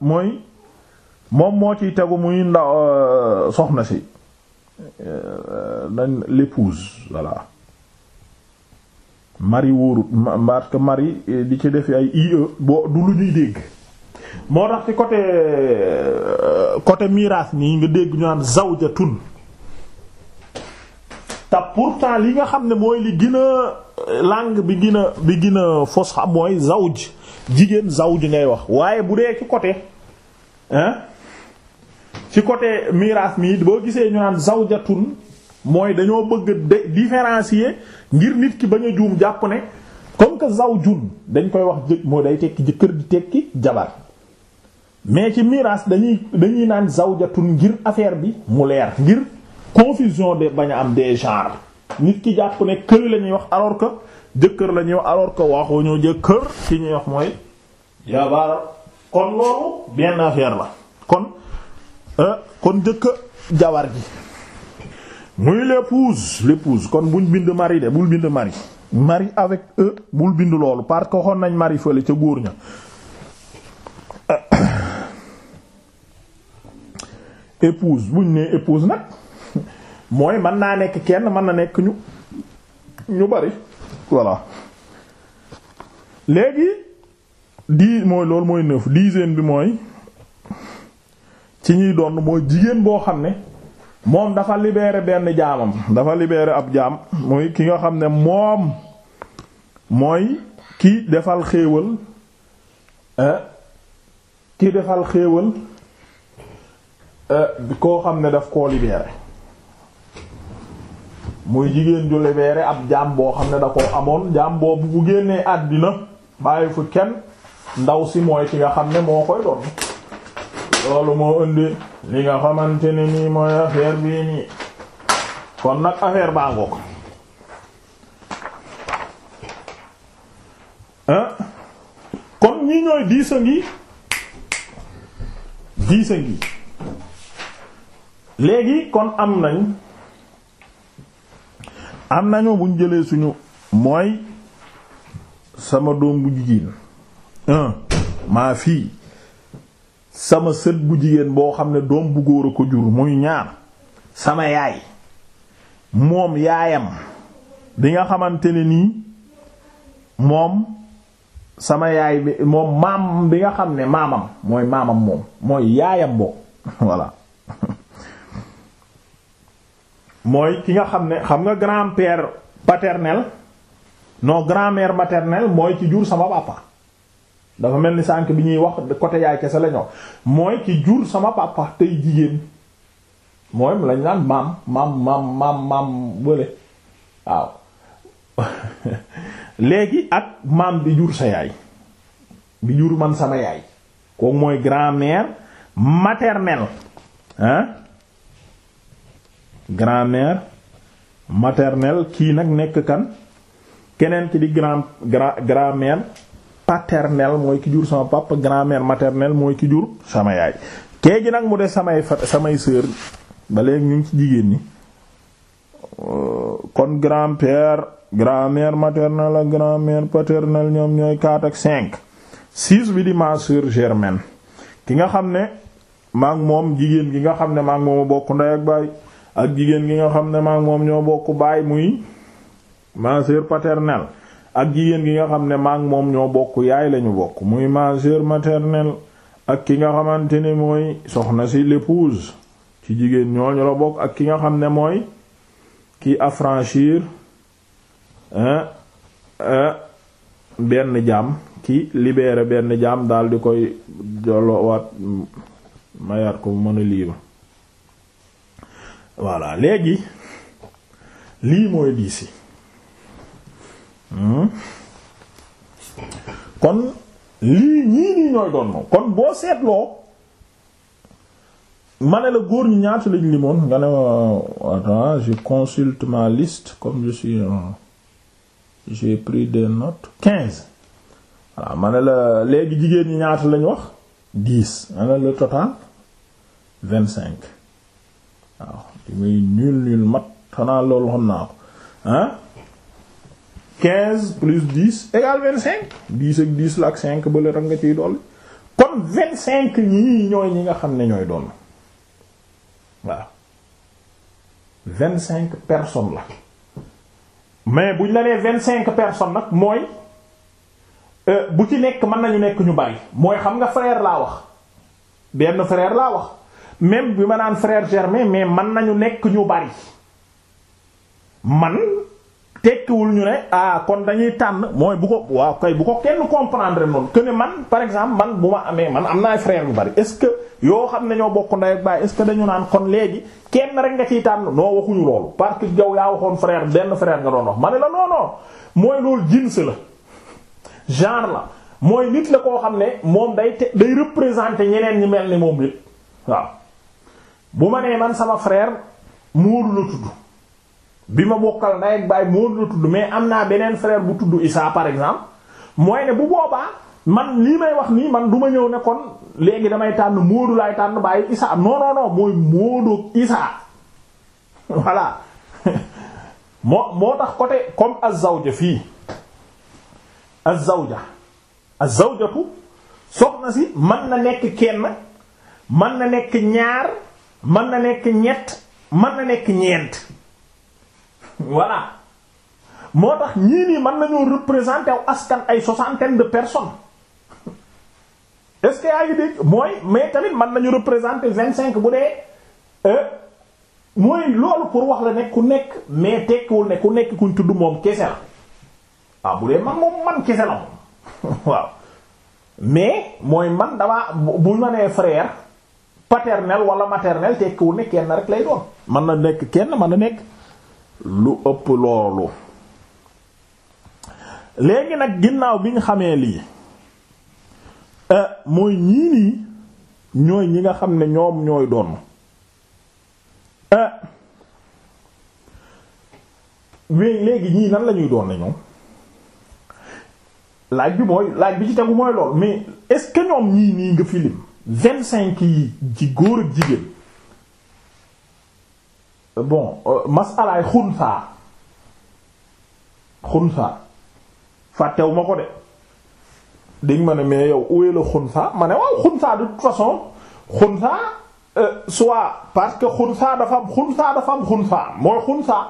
mooy moom moo ciy tegu muy ndaw euh, soxna si dañ euh, l'épouse voilà mari wóorut parce que mari euh, di ci def ay ie boo du lu ñuy dégg moo tax ci côté côté miraas nii nga dégg ñaan naan zawjatun te pourtant li nga xam ne mooy li gën a langue bi gina bi gina a fos xam mooy zawj jigéen zawj ngay wax waaye bu dee ci côté ci côté miraas mi boo gisee ñu naan zawjatun mooy dañoo bëgg de différencier ngir nit ki bañ a juum jàpp ne comme que zawjun dañ koy wax jëkk mooy day tekki jëkkër di tekki jabar mais ci miraas dañuy dañuy naan zawjatun ngir affaire bi mu leer ngir confusion de bañ a am des genres nit ki jàpp ne kër la ñuy wax alors que jëkkër la ñuy wax alors que waxuñu ci ñuy wax mooy jabar kon loolu benn affaire la kon euh, kon jëkk jabar ji muy l'épouse l'épouse kon buñ bind mari de bul bind mari mari avec e bul bind loolu parce que xon nañ mari fële ca góor ña épouse buñ nee épouse nag mooy mën naa nekk kenn mën na nekk ñu ñu bari voilà léegi dix mooy loolu mooy neuf dixième bi mooy ci ñuy doon mooy jigéen boo xam ne moom dafa libéré benn jaamam dafa libéré ab jaam mooy ki xam ne moom mooy ki defal xéewal eh, ki defal xéewal eh, koo xam ne daf koo libéré muy jigéen ju libéré ab jaam boo xam ne da ko amoon jaam boobu bu génnee àddina bàyyi fu kenn ndaw si mooy ki nga xam ne moo koy doon loolu moo indi li nga xamante ne nii mooy affaire bii nii kon nag affaire baa ngoog kon ñi ñooy diis a ngi diis ngi léegi kon am nañ am nañu buñ jëlee suñu mooy sama doom bu jigéen maa fii sama sët bu jigéen boo xam ne doom bu góor a ko jur muy ñaar sama yaay moom yaayam bi nga xamante ne nii moom sama yaay bi moom maam bi nga xam ne maamam mooy maamam moom mooy yaayam boo mooy ki nga xam ne xam nga grand-père paternel noo grand-mère maternelle mooy ci jur sama papa dafa mel ni sànk bi ñuy wax côté yaay kese la ñoo mooy ki jur sama papa tey jigéen mooy lañ naan maam maam maam maam maam bële waaw léegi ak maam bi jur sa yaay bi jur man sama yaay kooku mooy grand-mère maternelle hein grand-mère maternelle kii nag nekk kan keneen ki di grand grand grand paternel mooy ki jur sama papa grand maternelle mooy ki jur sama yaay keegi nag mu def samay fa samay sœur ba léegi ñu ci jigéen ñi euh, kon grand-père grand-mère maternelle paternelle ñoom ñooy quatre ak cinq six bi di ma sœur germaine ki nga xam ne maak moom jigéen gi nga xam ne maa moom bokk ndey ak baay ak jigéen gi nga xam ne maak moom ñoo bokk baay muy ma sœur paternelle ak jigéen gi nga xam ne maak moom ñoo bokk yaay lañu bokk muy ma sœur maternelle ak ki nga xamante ni mooy soxna si l'épouse ci jigéen ñooñu la bokk ak ki nga xam ne mooy ki affranchir benn jàmm ki libérer benn jàmm daal di koy jolowaat mayaat ko mu mën a libre léegi lii mooy diisi Hmm? kon lii ñii ñooy doon moom kon boo seetloo ma ne la góor ñi ñaata lañ limoon nga ne euh, attends je consulte ma liste comme je suis j'ai pris des notes quinze voilà ma ne la léegi jigéen ñi ñaata lañu wax dix ma ne le total vingt cinq waaw di muy nul nul mat xanaa loolu xam naa ko ah quinze plus dix égale vingt cinq dix ak dix la ak cinq ba le nga ciy dolli kon vingt cinq ñii ñooy ñi nga xam ne ñooy doon waaw vingt cinq personne la mais bu ñu la nee vingt cinq personne nag mooy euh, bu ci nekk mën nañu nekk ñu bari mooy xam nga frère laa wax benn frère laa wax même bi ma naan frère germain mais mën nañu nekk ñu bari man. tekkiwul ñu ne ah kon dañuy tànn mooy bu ko waaw kay bu ko kenn comprendre noonu que ne man par exemple man bu ma amee man am na ay frère yu bari est-ce que yoo xam ne ñoo bokk ndey ak baay est-ce dañu naan kon léegi kenn rek nga ciy tànn noo waxuñu loolu parce que yow yaa waxoon frère benn frère nga doon wax ma ne la non mooy loolu jins la genre la mooy nit la koo xam ne moom day te day représenter ñeneen ñi mel ni moom nit waaw bu ma man sama frère Moodu bi ma bokkal ndey ak baay moo la tudd mais am naa beneen frère bu tudd Isaa par exemple mooy ne bu boobaa man lii may wax nii man duma ñëw nekkoon léegi damay tànn Moodu laay tànn bàyyi Isaa non non non mooy Moodu Isaa voilà moo moo tax côté comme az-zawja fii az-zawja az-zawjatu na si mën na nekk kenn mën na nekk ñaar mën na nekk ñett mën na nekk ñeent. voilà moo tax ñii nii mën nañoo représenter aw askan ay soixantaine de personne est-ce que yaa ngi dégg mooy mais tamit man nañu représenter vingt cinq bu dee euh, mooy loolu pour wax la nekk ku nekk mais tekkiwul ne ku nekk kuñ tudd moom kese la waaw ah, bu dee man moom man kese la moom waaw mais mooy man damaa bu ma nee frère paternel wala maternel tekkiwul ne kenn rek lay doon. mën na nekk kenn mën na nekk. lu ëpp loolu léegi nag ginnaaw bi nga xamee lii euh, mooy ñii nii ñooy ñi nga xam ne ñoom ñooy doon euh, mais léegi ñii nan lañuy doon ne laaj bi mooy laaj bi ci tegu mooy lool mais est-ce que ñoom ñii nii nga filim vingt cinq yi ci góor ak jigéen bon euh, masalaay xunsaa xunsaa fàttewu ma ko de diŋ ma ne mais yow uwe la xunsaa ma ne waaw xunsaa de toute façon xunsaa euh, soit parce que xunsaa dafa am xunsaa dafa am xunsaa mooy xunsaa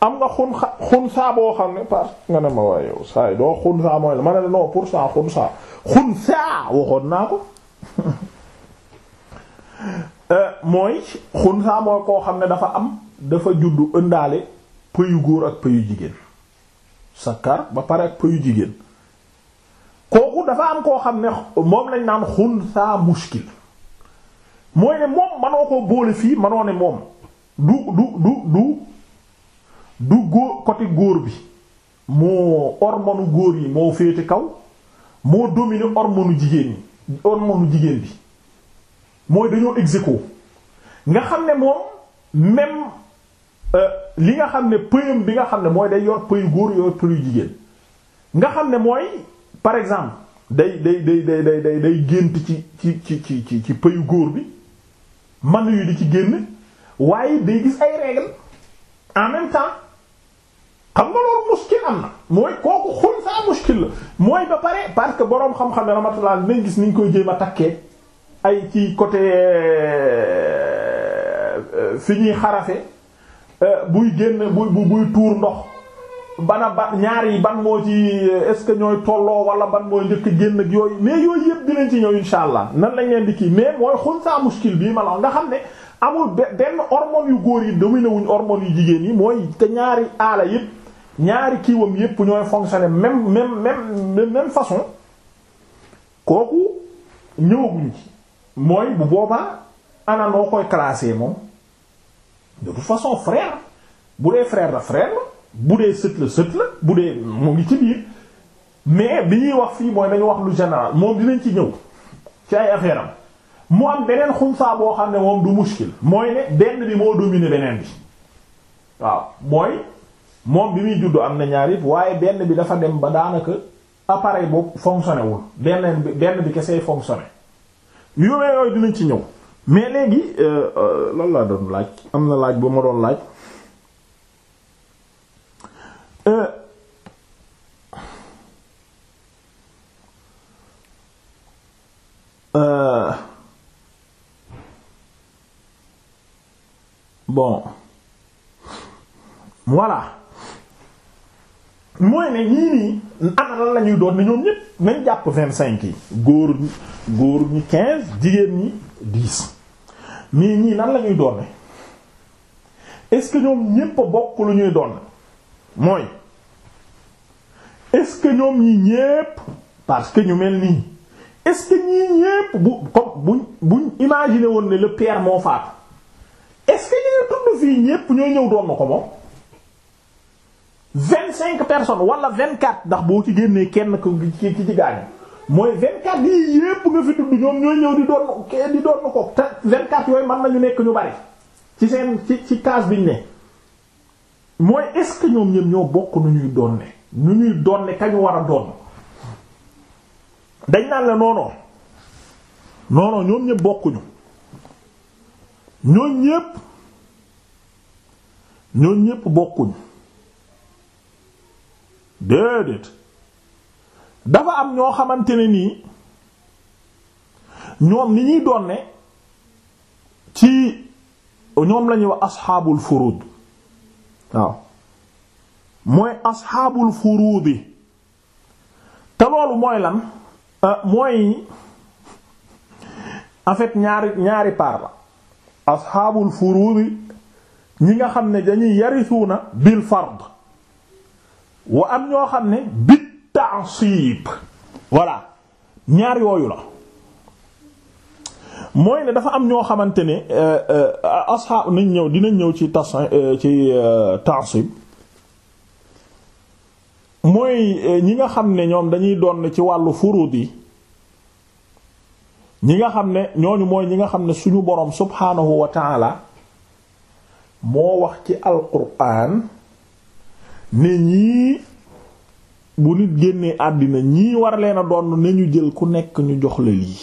am nga xun xunsaa boo xam ne parce que nga ne ma waaye yow saa yi doo xunsaa mooy la ma ne la non pour ça xunsaa xunsaa waxoon naa ko Euh, mooy xunsa mooy koo xam ne dafa am dafa juddu ëndaale pëyu góor ak pëyu jigéen sa kar ba pare ak pëyu jigéen kooku dafa am koo xam ne moom lañ naan xunsa muskil mooy ne moom manoo koo boole fii manoo ne moom du du du du du góor côté góor bi moo hormone góor yi moo féete kaw moo dominer hormone jigéen yi hormone jigéen bi mooy dañoo ex nga xam ne moom même euh, li nga xam ne pëyam bi nga xam ne mooy day yor pëyu góor yor pëyu jigéen nga xam ne mooy par exemple day day day day day day day gént ci ci ci ci ci ci pëyu góor bi man yu di ci génn waaye day gis ay règles en même temps xam nga loolu muskil am na mooy kooku xul saa muskil la mooy ba pare parce que boroom xam-xam ne ramatulal nañ gis niñ koy jéem a takkee ay ci côté euh, euh, fi ñuy xarafe euh, buy génn buy buy tuur ndox bana ban ñaar yi ban moo ci est-ce que ñooy tolloo wala ban mooy njëkk génn ak yooyu mais yooyu yëpp dinañ ci ñëw insha allah nan lañ leen di kii mais mooy xun saa muskil bii ma la nga xam ne amul benn hormone yu góor yi dominé wuñ hormone yu jigéen yi mooy te ñaari aala yëpp ñaari kiiwam yëpp ñooy fonctionner même même même même façon kooku ñëwaguñ ci mooy bu boobaa ana noo koy classé moom de toute façon frère bu dee frère la frère la bu dee sët la sët la bu dee mu ngi ci biir mais bi ñuy wax fii mooy dañu wax lu général moom dinañ ci ñëw ci ay affaire am mu am beneen xumsaa boo xam ne moom du muskil mooy ne benn bi moo dominer beneen bi waaw mooy moom bi muy juddu am na ñaari waaye benn bi dafa dem ba daanaka appareil boobu fonctionné wul benn bi benn bi kesey fonctionné yooyu yooyu ci ñëw mais léegi euh, euh, lan laa doon laaj am na laaj bu ma doon laaj euh, bon voilà mooy ne ñii nii ana lan la ñuy doon ne ñoom ñépp nañ jàpp vingt cinq yi góor góor ñi quinze jigéen ñi dix mais ñii nan la ñuy doon est-ce que ñoom ñépp a bokk lu ñuy doon mooy est-ce que ñoom ñi ñépp parce que ñu mel nii est ñii ñépp bu comme buñ buñ imaginer woon ne le père moo faatu est ñu ngi tudd fii ñépp ñoo ñëw doon na ko moom. vingt cinq personne wala vingt quatre ndax boo ci génnee kenn ko ci ci mooy vingt quatre yii yépp nga fi tudd ñoom ñooy ñëw di doon di doon ko te vingt quatre yooyu mën nañu nekk ñu bari ci seen ci ci case biñ ne mooy est-ce que ñoom ñoom ñoo bokk ñuy doon ne nu ñuy doon ne kañu war a doon dañ naan la noonoo noonoo ñoom ñëpp ñëpp ñooñ ñëpp bokkuñu déedéet dafa am ñoo xamante ne nii ñoom ni ñuy doon ci ñoom lañuy wax asxaabul furud waaw mooy asxaabul furudi te loolu mooy lan euh, mooy en fait ñaari ñaari paar la asxaabul furudi ñi nga xam ne dañuy yarisuuna bil fard wa am ñoo xam ne bit ta'sib voilà ñaar yooyu la mooy ne dafa am ñoo xamante ne euh, euh, asxaab nañ ñëw dinañ ñëw ci tas euh, ci ta'sib mooy ñi nga xam ne ñoom dañuy doon ci wàllu furuud yi ñi nga xam ne ñooñu mooy ñi nga xam ne suñu boroom subhaanahu wa ta'ala moo wax ci alquraan ne ñii bu nit génnee àddina ñii war leen a doon ne ñu jël ku nekk ñu jox la lii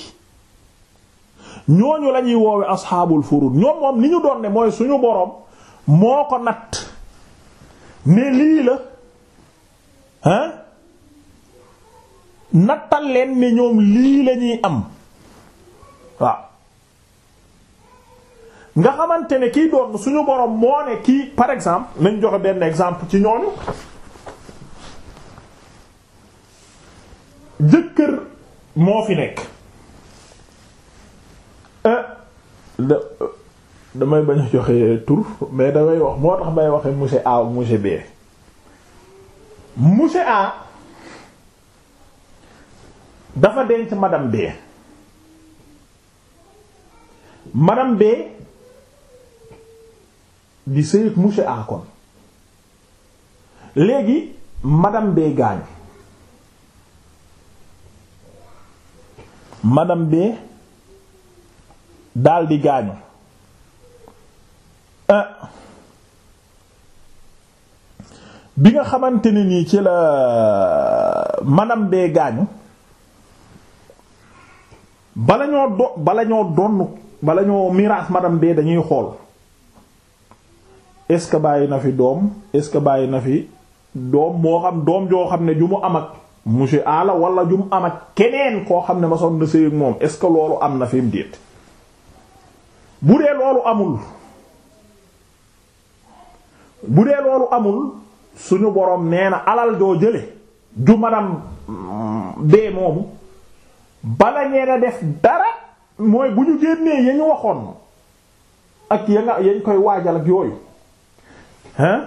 ñooñu la ñuy woowe asxaabul furud ñoom moom li ñu doon mooy suñu boroom moo ko natt ne lii la hein nattal leen ne ñoom lii lañuy am waaw nga xamante ne kiy doon suñu borom moo ne kii par exemple nañ joxe benn exemple ci ñooñu jëkkër moo fi nekk euh, damay bañ a joxe tur mais damay wax moo tax may waxe monsieur A ou monsieur B monsieur A dafa denc madame B madame B di sëy ak A kon léegi madame B gaañu madame B daldi gaañu euh, bi nga xamante ni nii ci la euh, madame B gaañu bala do bala ñoo donn bala ñoo miraas madame B dañuy xool. est-ce que bàyyi na fi doom est-ce que bàyyi na fi doom moo xam doom joo xam ne ju mu am ak monsieur ala wala ju mu am ak keneen koo xam ne ma sonn na sëy ak moom est-ce que loolu am na fi mu déet bu dee loolu amul bu dee amul suñu boroom nee na alal joo jële ju manam mm, bee moomu bala ngeen a def dara mooy bu ñu génnee ya ñu waxoon ak ya nga yañ koy waajal ak yooyu hein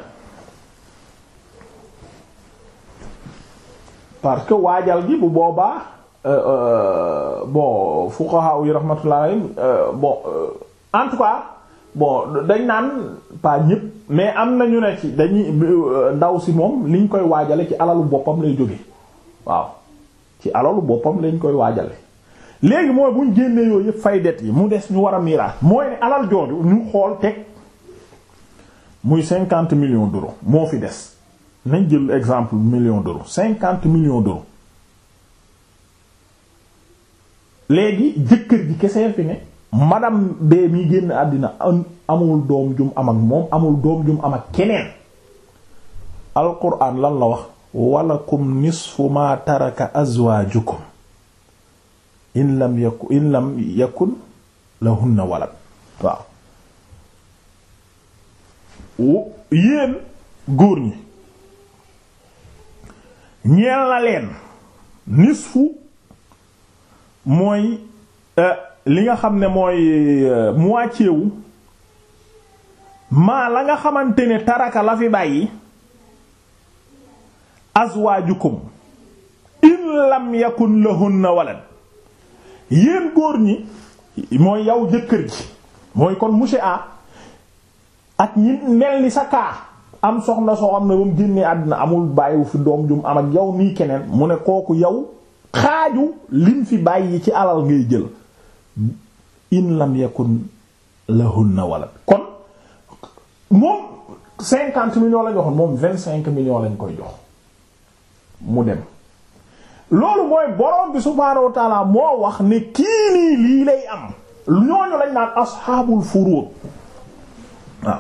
parce que waajal gi bu boobaa euh, euh, bon fuqaha yi rahmatullah alayhim euh, bon en tout cas bon dañ naan pas ñëpp mais am na ñu ne ci dañuy ndaw si moom liñ koy waajale ci alalu boppam lay jóge waaw ci alalu boppam lañ koy waajale léegi mooy buñ génnee yooyu yëpp fay det yi mu des ñu war a miraas mooy ne alal jooju ñu xool teg muy cinquante millions d'euros moo fi des nañ jël exemple million d'euros cinquante millions d'euros léegi jëkkër ji kese fi ne madame bee mi génn àddina amul doom jum am ak moom amul doom jum am ak keneen alquran lan la wax walakum nisfu ma taraka azwaajukum in lam yakun in lam yakun lahunna walad waaw yéen góor ñi ñeel na leen nisfu mooy euh, li nga xam ne mooy euh, mu wu maa la nga xamante ne taraka la fi bàyyi azwaajukum in lam yakun lahunna walad yéen góor ñi mooy yow jëkkër ji mooy kon monsieur A ak ñi mel ni sa kaa am soxna soo am na ba mu génnee àddina amul bàyyiwu fi doom jum am ak yow nii keneen mu ne kooku yow xaaju lim fi bàyyi ci alal ngay jël in lam yakun lahunna walad kon moom cinquante millions la waxoon moom vingt cinq millions lañ koy jox mu dem loolu mooy borom bi subhaanahu wa moo wax ne kii nii lii lay am ñooñu lañ naan asxaabul furuud waaw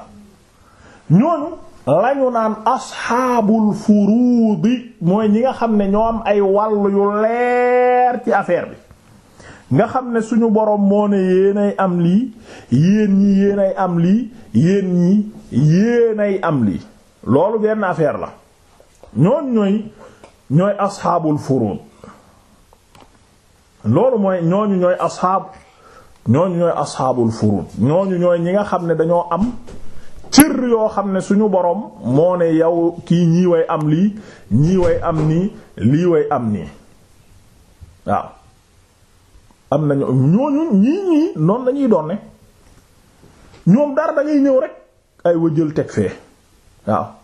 ñooñu lañu naan asxaabul furuudi mooy ñi nga xam ne ñoo am ay wàll yu leer ci affaire bi nga xam ne suñu boroom moo ne yéenay am lii yéen ñi yéenay am lii yéen ñi yéenay am lii loolu benn affaire la ñoon ñooy ñooy asxaabul furuud loolu mooy ñooñu ñooy asxaab ñooñu ñooy asxaabul furuud ñooñu ñooy ñi nga xam ne dañoo am mbir yoo xam ne suñu boroom moo ne yow kii ñii woy am lii ñii woy am nii lii woy am nii waaw am nañu lañuy doon ñoom dara da ngay ñëw rek ay wëjël teg ah.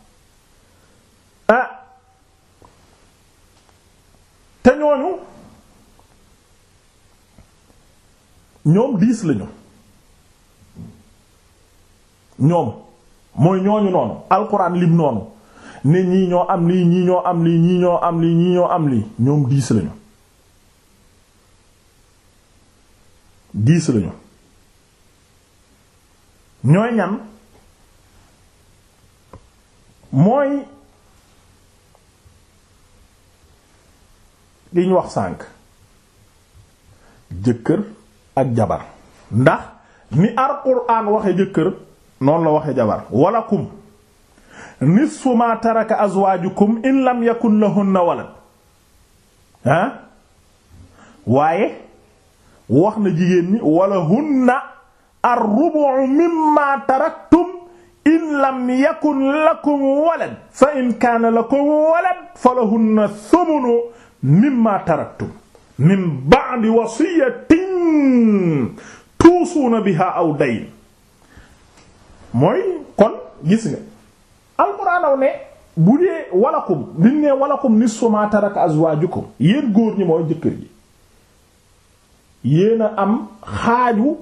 ñoom diis lañu ñoom mooy ñooñu noonu alxuraan lim noonu ne ñii ñoo am lii ñii ñoo am lii ñii ñoo am lii ñii ñoo am lii ñoom diis lañu diis lañu ñooy ñan mooy liñ wax sànk jëkkër ak jabar ndax ni alxuraan waxe jëkkër noonu la waxe jabar walakum nisfu ma taraka azwaajukum in lam yakun lahunna walad ah waaye wax na jigéen ñi walahunna ar-rubu mimma taraktum in lam yakun lakum walad fa in kaana lakum walad falahunna thumunu mimma taraktum min ba'di wasiyatin tuusuuna biha aw dayn mooy kon gis nga alxuraanaw ne bu dee walakum biñ ne walakum nisfu ma taraka azwaajukum yéen góor ñi mooy jëkkër ji yéen a am xaaju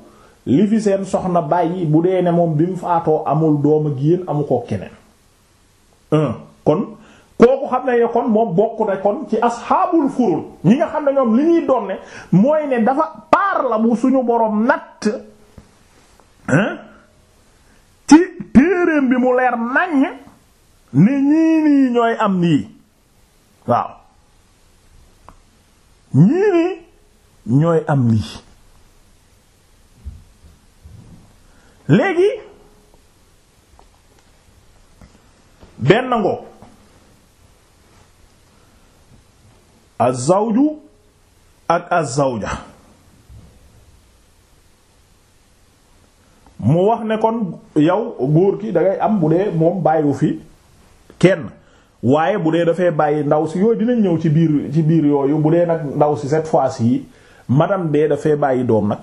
li fi seen soxna bàyyi bu dee ne moom bi mu faatoo amul doom ak yéen amu ko keneen kon kooku xam ne kon moom bokk kon ci asxaabul furul ñi nga xam ne ñoom li ñuy doon ne mooy ne dafa paar la bu suñu boroom natt ci téereem bi mu leer naññ ni ñii ñooy am nii waaw ñii ñooy am lii léegi benn ngoo azawju ak azawja mu wax ne kon yow góor ki da ngay am bu dee moom bàyyiwu fi kenn waaye bu dee dafay bàyyi ndaw si yooyu dinañ ñëw ci biir ci biir yooyu bu dee nag ndaw si set fois yi madame bee dafay bàyyi doom nag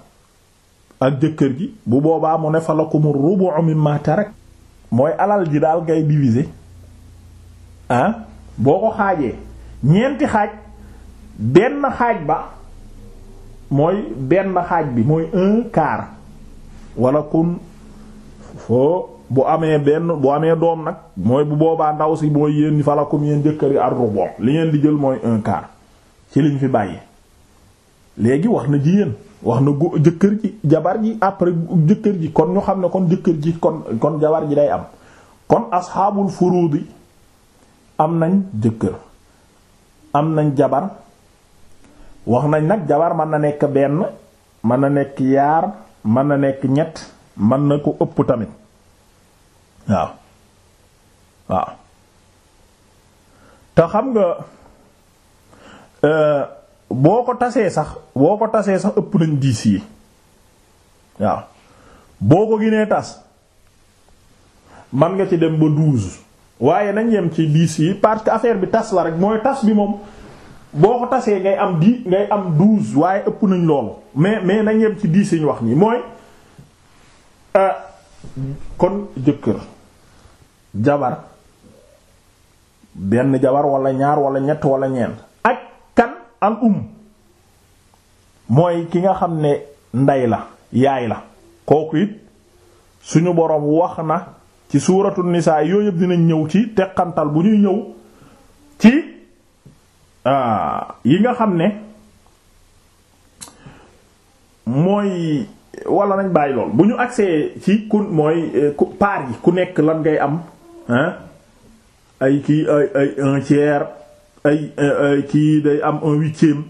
ak jëkkër gi bu boobaa mu ne fa lakumu rubu'u mimma tarak mooy alal ji daal ngay diviser ah boo ko xaajee ñeenti xaaj benn xaaj ba mooy benn xaaj bi mooy un quart wala kun foo bu amee benn bu amee doom nag mooy bu boobaa ndaw si mooy yéen falakum yéen jëkkër yi ar-rubu li ngeen di jël mooy un ci liñ fi bàyyi léegi wax na jigéen wax na go jëkkër ji jabar ji après jëkkër ji kon ñoo xam ne kon jëkkër ji kon kon jabar ji day am kon asxaabul furuudi am nañ jëkkër am nañ jabar wax nañ nag jabar mën na nekk benn mën na nekk yaar mën na nekk ñett mën na ko ëpp tamit waaw waaw te xam nga euh, boo ko tasee sax boo ko tasee sax ëpp nañ diis yi waaw boo ko ginee tas man nga ci dem ba douze waaye nañ yem ci diis yi parce que affaire bi tas la rek mooy tas bi moom boo ko tasee ngay am di ngay am douze waaye ëpp nañ loolu mais mais nañ yem ci dix ñu wax nii mooy euh, kon jëkkër jabar benn jabar wala ñaar wala ñett wala ñeent ak kan al um mooy ki nga xam ne ndey la yaay la kooku it suñu boroom wax na ci suuratul nisaa yooyu dinañ ñëw ci teqantal bu ñuy ñëw ci Euh, yi nga xam ne mooy wala nañ bàyyi lool bu ñu agsee ci ku mooy euh, ku part yi ku nekk lan ngay am ay kii ay ay un tiers ay euh, ay day am un huitième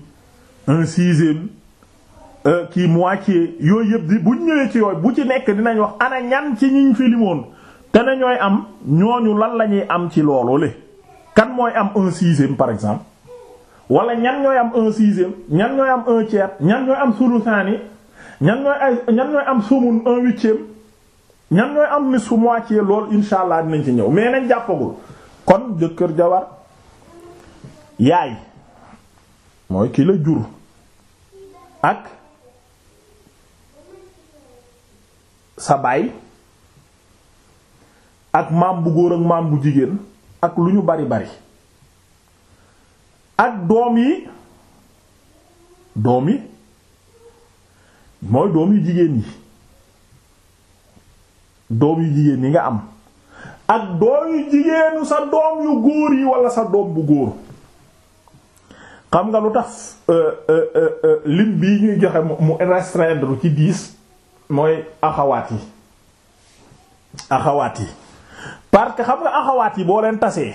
un sixième kii moitié yooyu yëpp di bu ñu ñëwee ci yooyu bu ci nekk dinañ wax ana ñan ci ñu fi limoon te ne ñooy am ñooñu lan la ñuy am ci loolu le kan mooy am un sixième par exemple wala ñan ñooy am un sixième ñan ñooy am un tiers ñan ñooy am sulusaani ñan ñooy am sumun un huitième ñan ñooy am nisfu moitié lool insha allah dinañ ci ñëw mais nañ jàppagul kon jëkkër jabar yaay mooy kii la jur ak sa baay ak maam bu góor ak maam bu jigéen ak lu ñu bari bari ak doom yi doom yi mooy doom yu jigéen yi doom yu jigéen yi nga am ak doom yu jigéenu sa doom yu góor yi wala sa doom bu góor xam nga lu tax euh, euh, euh, lim bi ñuy joxe mu restreindre ci dix mooy axawaat yi axawaat yi parce xam nga axawaat yi boo leen tasee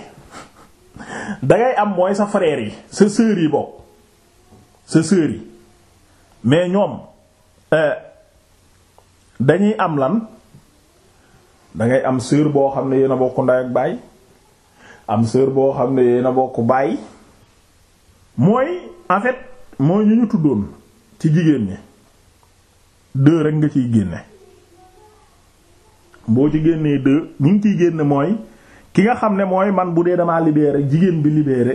dangay am mooy sa frère yi sa sœur yi bokk sa sœur yi mais ñoom euh, dañuy am lan dangay am sœur boo xam ne yéen a bokk ndey ak baay am sœur boo xam ne yéen a bokk baay mooy en fait mooy ñu ñu tuddoon ci jigéen ñi deux rek nga ciy génne boo ci génnee deux ñu ngi ciy génne mooy. ki nga xam ne mooy man bu dee damaa libéré jigéen bi libéré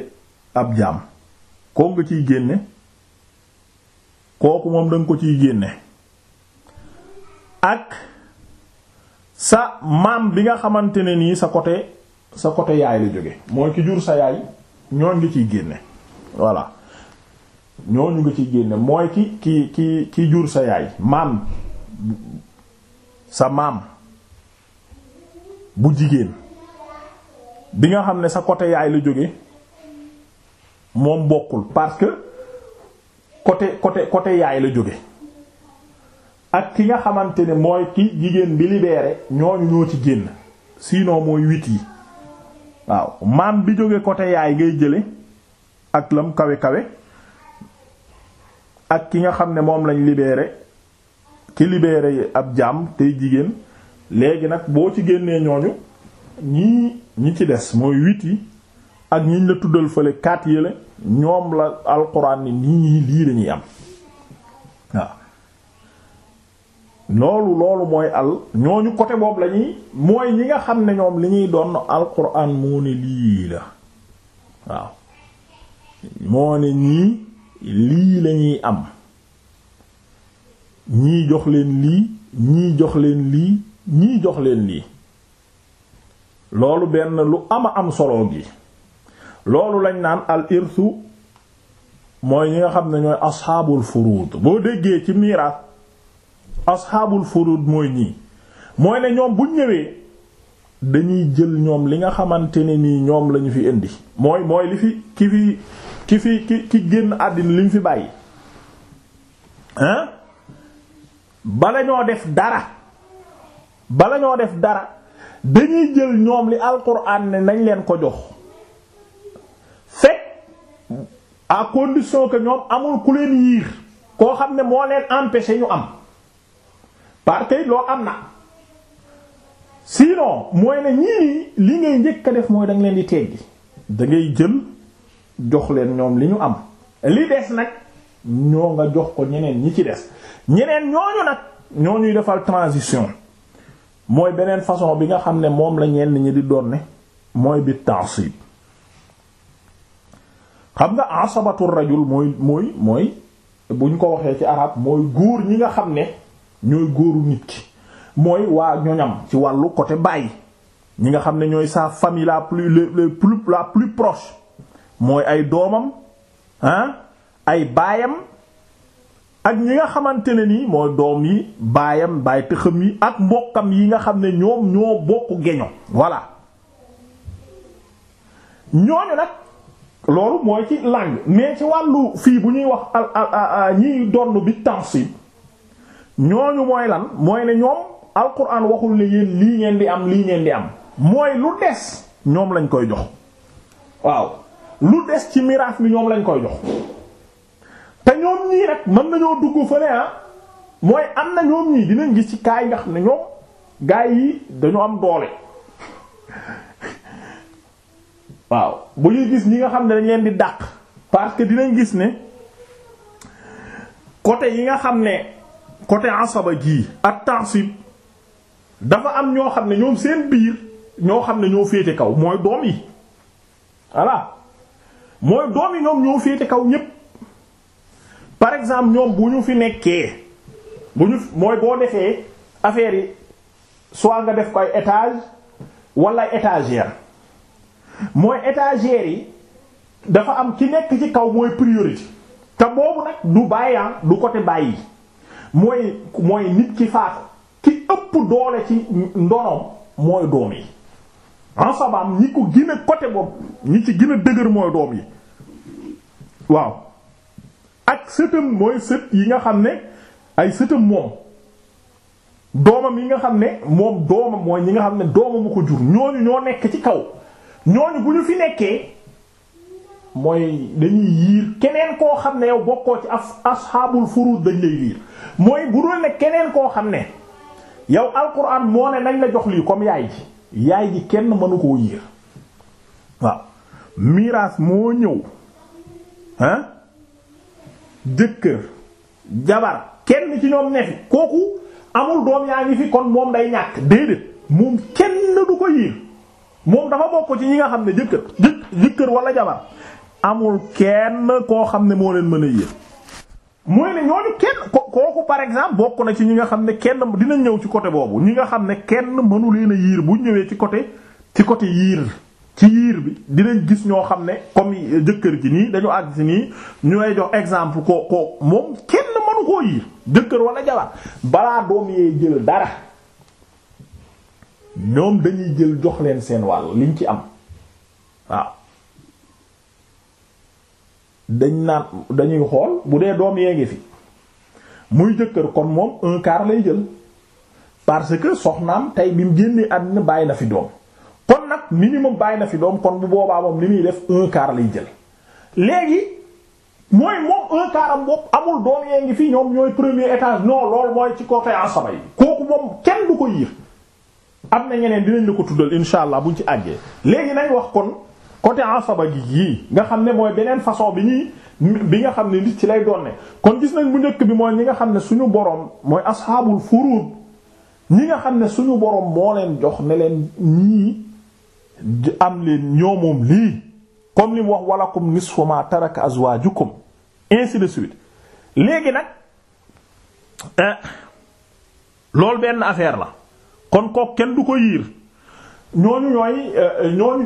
ab jaam koo nga ciy génne kooku moom danga ko ciy génne ak sa maam bi nga xamante ne nii sa côté sa côté yaay la jóge mooy ki jur sa yaay ñooñ nga ciy génne voilà ñooñu nga ciy génne mooy ki ki ki ki jur sa yaay maam sa maam bu jigéen bi nga xam ne sa côté yaay la jóge moom bokkul parce que côté côté côté yaay la jóge ak ki nga xamante ne mooy ki jigéen bi libéré ñooñu ñoo ci génn sinon mooy wit yi waaw maam bi jóge côté yaay ngay jële ak lam kawe kawe ak ki nga xam ne moom lañ libéré ki yi ab jaam tey jigéen léegi nag boo ci génnee ñooñu ñii ñi ci des mooy huit yi ak ñiñ la tuddal fële quatre yële ñoom la alquran ni nii lii lañuy am waaw loolu loolu mooy al ñooñu côté boobu la ñuy mooy ñi nga xam ne ñoom li ñuy doon alquran moo ne lii la waaw moo ne ñii lii lañuy am ñii jox leen lii ñii jox leen lii ñii jox leen lii loolu benn lu ama am solo gi loolu lañ naan al irsu mooy ñi nga xam ne ñooy asxaabul furuud boo déggee ci miraas asxaabul furuud mooy ñii mooy ne ñoom bu ñëwee dañuy jël ñoom li nga xamante ne nii ñoom lañu fi indi mooy mooy li fi ki fi ki fi ki génn àddina liñ fi bàyyi hein bala def dara bala ñoo def dara dañuy jël ñoom li alquran ne nañ leen ko jox fekk à condition que ñoom amul ku leen yiir koo xam ne moo leen empêché ñu am parce que loo am na sinon mooy na ñii li ngay njëkk a def mooy da leen di teggi da ngay jël jox leen ñoom li ñu am li des nag ñoo nga jox ko ñeneen ñi ci des ñeneen ñooñu nag ñoo ñuy defal transition mooy beneen façon bi nga xam ne moom la ñenn ñi di doon ne mooy bi ta'sib xam nga asabatu rajul mooy mooy mooy buñ ko waxee ci arab mooy góor ñi nga xam ne ñooy góoru nit ki mooy waa ñoñam ci wàllu côté bàyyi ñi nga xam ne ñooy sa famille la plus la plus la plus proche mooy ay doomam ah ay baayam ak ñi nga xamante ne nii mooy doom yi baayam baay tëxam yi ak mbokkam yi nga xam ne ñoom ñoo bokk geño voilà ñooñu nag loolu mooy ci langue mais ci wàllu fii bu ñuy wax ñiy donn bi tansib ñooñu mooy lan mooy ne ñoom alquran waxul ne yéen lii ngeen di am lii ngeen di am mooy lu des ñoom lañ koy jox waaw lu des ci miraas mi ñoom lañ koy jox te ñoom ñii nag mën nañoo dugg fële ah mooy am na ñoom ñii dinañ gis ci kaa yi nga xam ne ñoom yi dañu am doole waaw bu ñuy gis ñi nga xam ne dañ leen di dàq parce que dinañ gis ne côté yi nga xam ne côté asaba ji ak tansib dafa am ñoo xam ne ñoom seen biir ñoo xam ne ñoo féete kaw mooy doom yi voilà mooy doom yi ñoom ñoo féete kaw ñépp par exemple ñoom bu ñu fi nekkee bu ñu mooy boo defee affaire yi soit nga def ko ay étage wala étagère mooy étagère yi dafa am ki nekk ci kaw mooy priorité te boobu nag du bàyyan ah, du côté bàyyi mooy mooy nit ki faatu ki ëpp doole ci ndonoom mooy doom yi ansabaam ñi ko gën a côté boobu ni ci gën a dëgër mooy doom yi waaw ak sëtam mooy sët yi nga xam ne ay sëtam moom doomam yi nga xam ne moom doomam mooy ñi nga xam ne doomamu ko jur ñooñu ñoo nekk ci kaw ñooñu bu ñu fi nekkee mooy dañuy yiir keneen koo xam ne yow bokkoo ci af asxaabul furud dañ lay liir mooy bu dul ne keneen koo xam ne yow alquran moo ne nañ la jox lii comme yaay ji yaay ji kenn mënu koo yiir waaw miraas moo ñëw jëkkër jabar kenn ci ñoom nefi kooku amul doom yaa ngi fi kon moom day ñàkk déedéet moom kenn du ko yiir moom dafa bokk ci ñi nga xam ne jëkkër jëkkër wala jabar amul kenn koo xam ne moo leen mën a yiir mooy ne ñooñu kenn kooku par exemple bokk na ci ñi nga xam ne kenn dina ñëw ci côté boobu ñi nga xam ne kenn mënu leen a yiir bu ñëwee ci côté ci côté yiir ci yiir bi dinañ gis ñoo xam ne comme jëkkër ji nii dañu àgg si nii ñu lay jox exemple ko ko moom kenn mënu koo yiir jëkkër wala jabar balaa doom yee jël dara ñoom dañuy jël jox leen seen wàll liñ ci am waaw dañ naan dañuy xool bu dee doom yee ngi fi muy jëkkër kon moom un lay jël parce que soxnaam tey bi mu génnee àddina bàyyi na fi doom nag minimum bàyyi na fi doom kon bu boobaa moom li muy def un quart lay jël léegi mooy moom un am bopp amul doom yee ngi fi ñoom ñooy premier étage non lool mooy ci côté asaba yi kooku moom kenn du ko yiir am na ñeneen dinañ la ko tuddal insha allah buñ ci àggee léegi nañ wax kon côté asaba gi yii nga xam ne mooy beneen façon bi ñuy bi nga xam ne nit ci lay doon ne kon gis nañ bu njëkk bi mooy ñi nga xam ne suñu boroom mooy asxaabul furuud ñi nga xam ne suñu borom moo leen jox am leen ñoo moom lii comme li mu wax walakum nisfu ma taraka azwajukum ainsi de suite léegi nag euh, loolu benn affaire la kon ko kenn du ko yiir ñooñu ñooy euh, ñooñu ñooy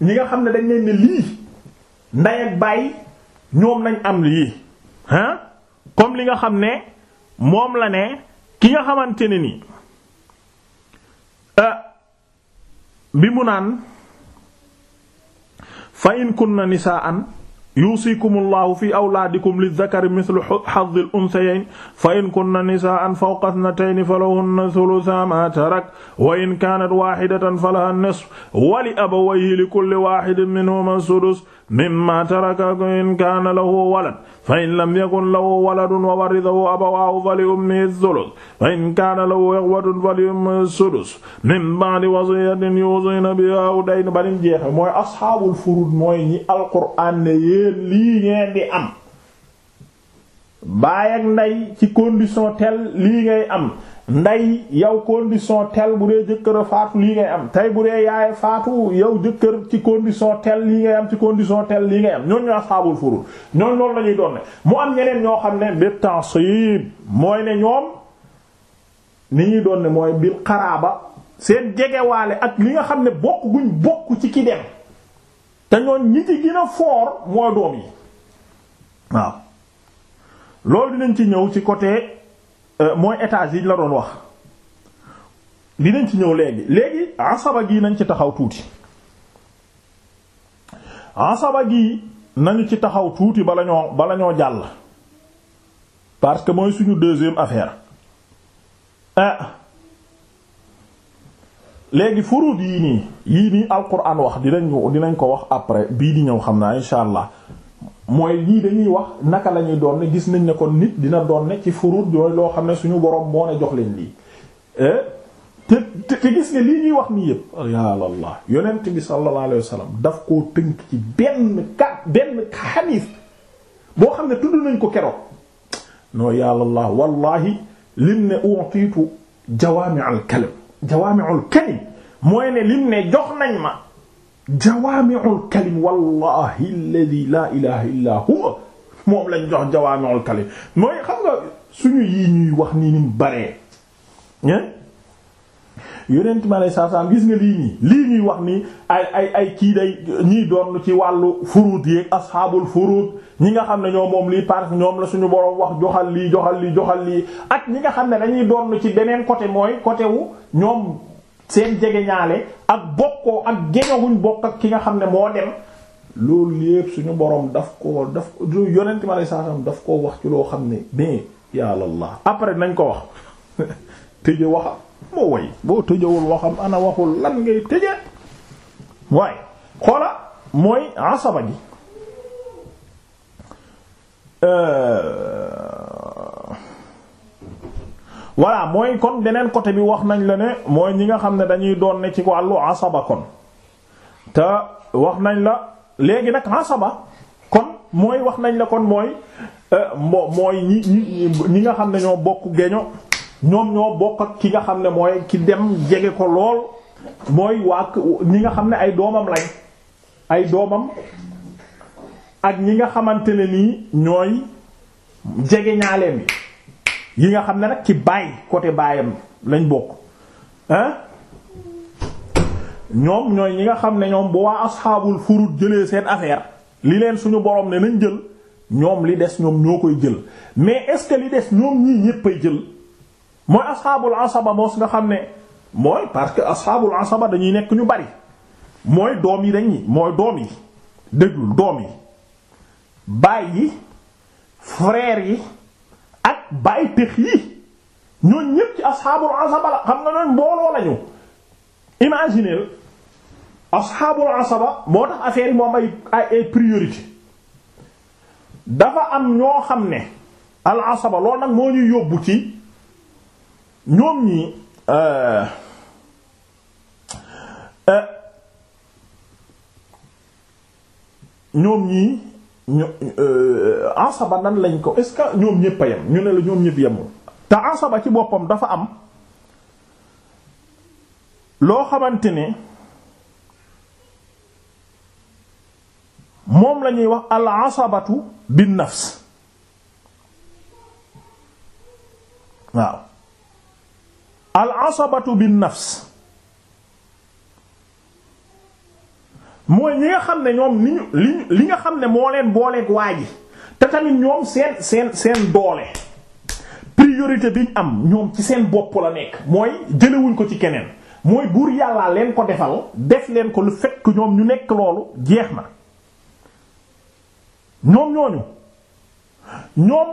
ñi nga xam ne dañ leen ne lii nday ak bàyyi ñoom nañ am lii ah comme li nga xam ne moom la ne ki nga xamante ne ni ah bi mu naan fa in kunna nisaan yuusikumullahu fi awlaadikum lidakari mithlu xaddi al-unsayayn fa in kunna nisaan fawqa ithnatayni falahunna thulutha ma tarak wa in kaanat waahidatan falaha nisf wa li abawayhi likulli waahidin minhumaa sudus mimmaa taraka in kaana lahu walad fa in lam yakun lahu waladun wa warithahu abawaahu fa li ummihi thuluth fa in kaana lahu ikhwatun fa li ummihi sudus min ba'di wasiyatin yusiina bihaa aw dayn banim jeexe mooy asxaabul furud mooy ñi alquraan ne yéen lii ngeen di am baay ak ndey ci condition tel lii ngay am nday yow condition tel bu dee jëkkër a faatu lii ngay am tey bu dee yaay faatu yow jëkkër ci condition tel lii ngay am ci condition tel lii ngay am ñooñu ñoo asxaabul furud ñooñu loolu la ñuy doon ne am ñeneen ñoo xam ne bi tansib mooy ne ñoom ni ñuy doon mooy bil xaraaba seen jegewaale ak li nga xam ne bokk guñ bokk ci ki dem te ñoon ñi ci gën foor mooy doom yi waaw loolu dinañ ci ñëw ci côté. Euh, mooy étage yi ñu la doon wax dinañ ci ñëw léegi léegi asaba gi nañ ci taxaw tuuti asaba gi nañu ci taxaw tuuti bala ñoo bala ñoo jàll parce que mooy suñu deuxième affaire ah léegi furuut yii nii yii nii alquran wax dinañ dinañ ko wax après bii di ñëw xam naa insha allah mooy lii dañuy wax naka lañuy ñuy doon gis nañ ne ko nit dina doon ne ci furud yooyu loo xam ne suñu boroom moo ne jox leen lii eh? te te gis nga lii ñuy wax nii yëpp oh, yàlla yonent bi sallallahu alayhi wasallam daf koo tënk ci benn ka benn xadiis boo xam ne tudd nañ ko keroog noo yàlla wallahi lim ne utiitu jawaami'ul kalim jawaami'ul kalim mooy ne lim ne jox nañ ma jawaami'ul kalim wallahi alladhi la ilaha illa huwa moom lañ jox jawaami'ul kalim mooy xam nga suñu yii ñuy wax nii ni mu baree yonent mi aleyhi salaatu salaam gis nga lii ñii lii ñuy wax nii ay ay ay kii day ñiy doon ci wàllu furuut yeeg asxaabul furuut ñi nga xam ne ñoom moom lii parce ñoom la suñu boroom wax joxal lii joxal lii joxal lii ak ñi nga xam ne dañuy doon ci beneen côté mooy côté ñoom seen jegeñaale ak bokkoo ak géñowuñ bokk ak ki nga xam ne moo dem loolu lépp suñu borom daf ko daf yonent mi alayhi salaam daf ko wax ci loo xam ne mais yàlla la après nañ ko wax tëje waxam moo way boo tëjewul waxam ana waxul lan ngay tëje waaye xoola mooy asaba gi euh, voilà mooy kon beneen côté bi wax nañ la ne mooy ñi nga xam ne dañuy doon ne ci wàllu asaba kon te wax nañ la léegi nag asaba kon mooy wax nañ la kon mooy euh, mo mooy ñi ñi ñi nga xam ne ñoo bokk geño ñoom ñoo bokk ak ki nga xam ne mooy ki dem jege ko lool mooy waa ñi nga xam ne ay doomam lañ ay doomam ak ñi nga xamante ne nii ñooy jege ñaaleem yi yi nga xam ne nag ci baay côté baayam lañ bokk ah ñoom ñooy ñi nga xam ne ñoom bu waa asxaabul furud jëlee seen affaire li leen suñu borom ne nañ jël ñoom li des ñoom ñoo koy jël mais est-ce que li des ñoom ñii ñépp ay jël mooy asxaabul asaba moos nga xam ne mooy parce que asxaabul asaba dañuy nekk ñu bari mooy doom yi dañuy mooy doom yi déglul doom yi baay yi frère yi bàyyi tex yi ñooñ ñépp ci asxaabul asaba la xam nga ñooñ mbooloo lañu imaginez asxaabul asaba moo tax affaire moom ay ay priorité dafa am ñoo xam ne al asaba loolu nag moo ñuy yóbbu ci ñoom ñi euh, euh, ñoom ñi ñu asaba euh, nan lañ ko est-ce que ñoom ñëpp a ñu ne la ñoom ñëpp yemul te asaba ci boppam dafa am loo xamante ne moom la ñuy wax al asabatu bin nafs waaw al asabatu bin nafs mooy ñi xam ne ñoom li nga xam ne moo leen booleeg waa ji te tamit ñoom seen seen seen doole priorité bi ñu am ñoom ci seen bopp la nekk mooy jëlewuñ ko ci keneen mooy buur yàlla leen ko defal def leen ko lu fekk ñoom ñu nekk loolu jeex na ñoom ñooñu ñoom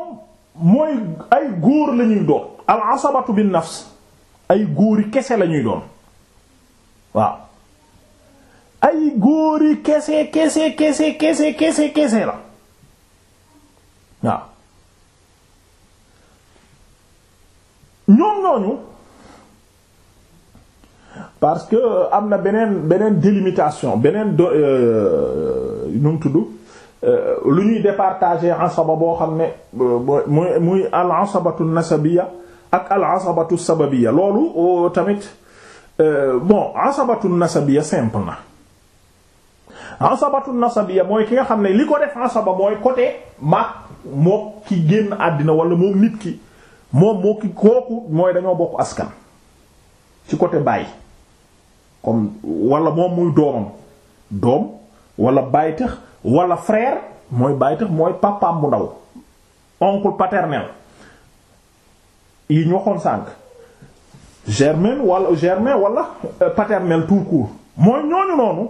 mooy ay góor lañuy ñuy doon al asabatu bin nafs ay góori kese lañuy ñuy doon waaw ay góori kese kese kese kese kese kese la waaw ñoom ñooñu parce que am na beneen beneen délimitation beneen do euh, nu mu tudd euh, lu ñuy départager asaba boo xam ne euh, muy muy al asabatu nasabiya ak al asabatu sababiya loolu tamit bon asabatu nasabiya simple na asabatu nasabiya mooy ki nga xam ne li ko def asaba mooy côté mag moo ki génn àddina wala moom nit ki moom moo ki kooku mooy dañoo bokk askan ci côté baay comme wala moom muy doomam doom walla baay tax frère mooy baay mooy papaam bu ndaw oncle paternel yi ñu waxoon sànq germain wala germain wala paternel tout court mooy ñooñu noonu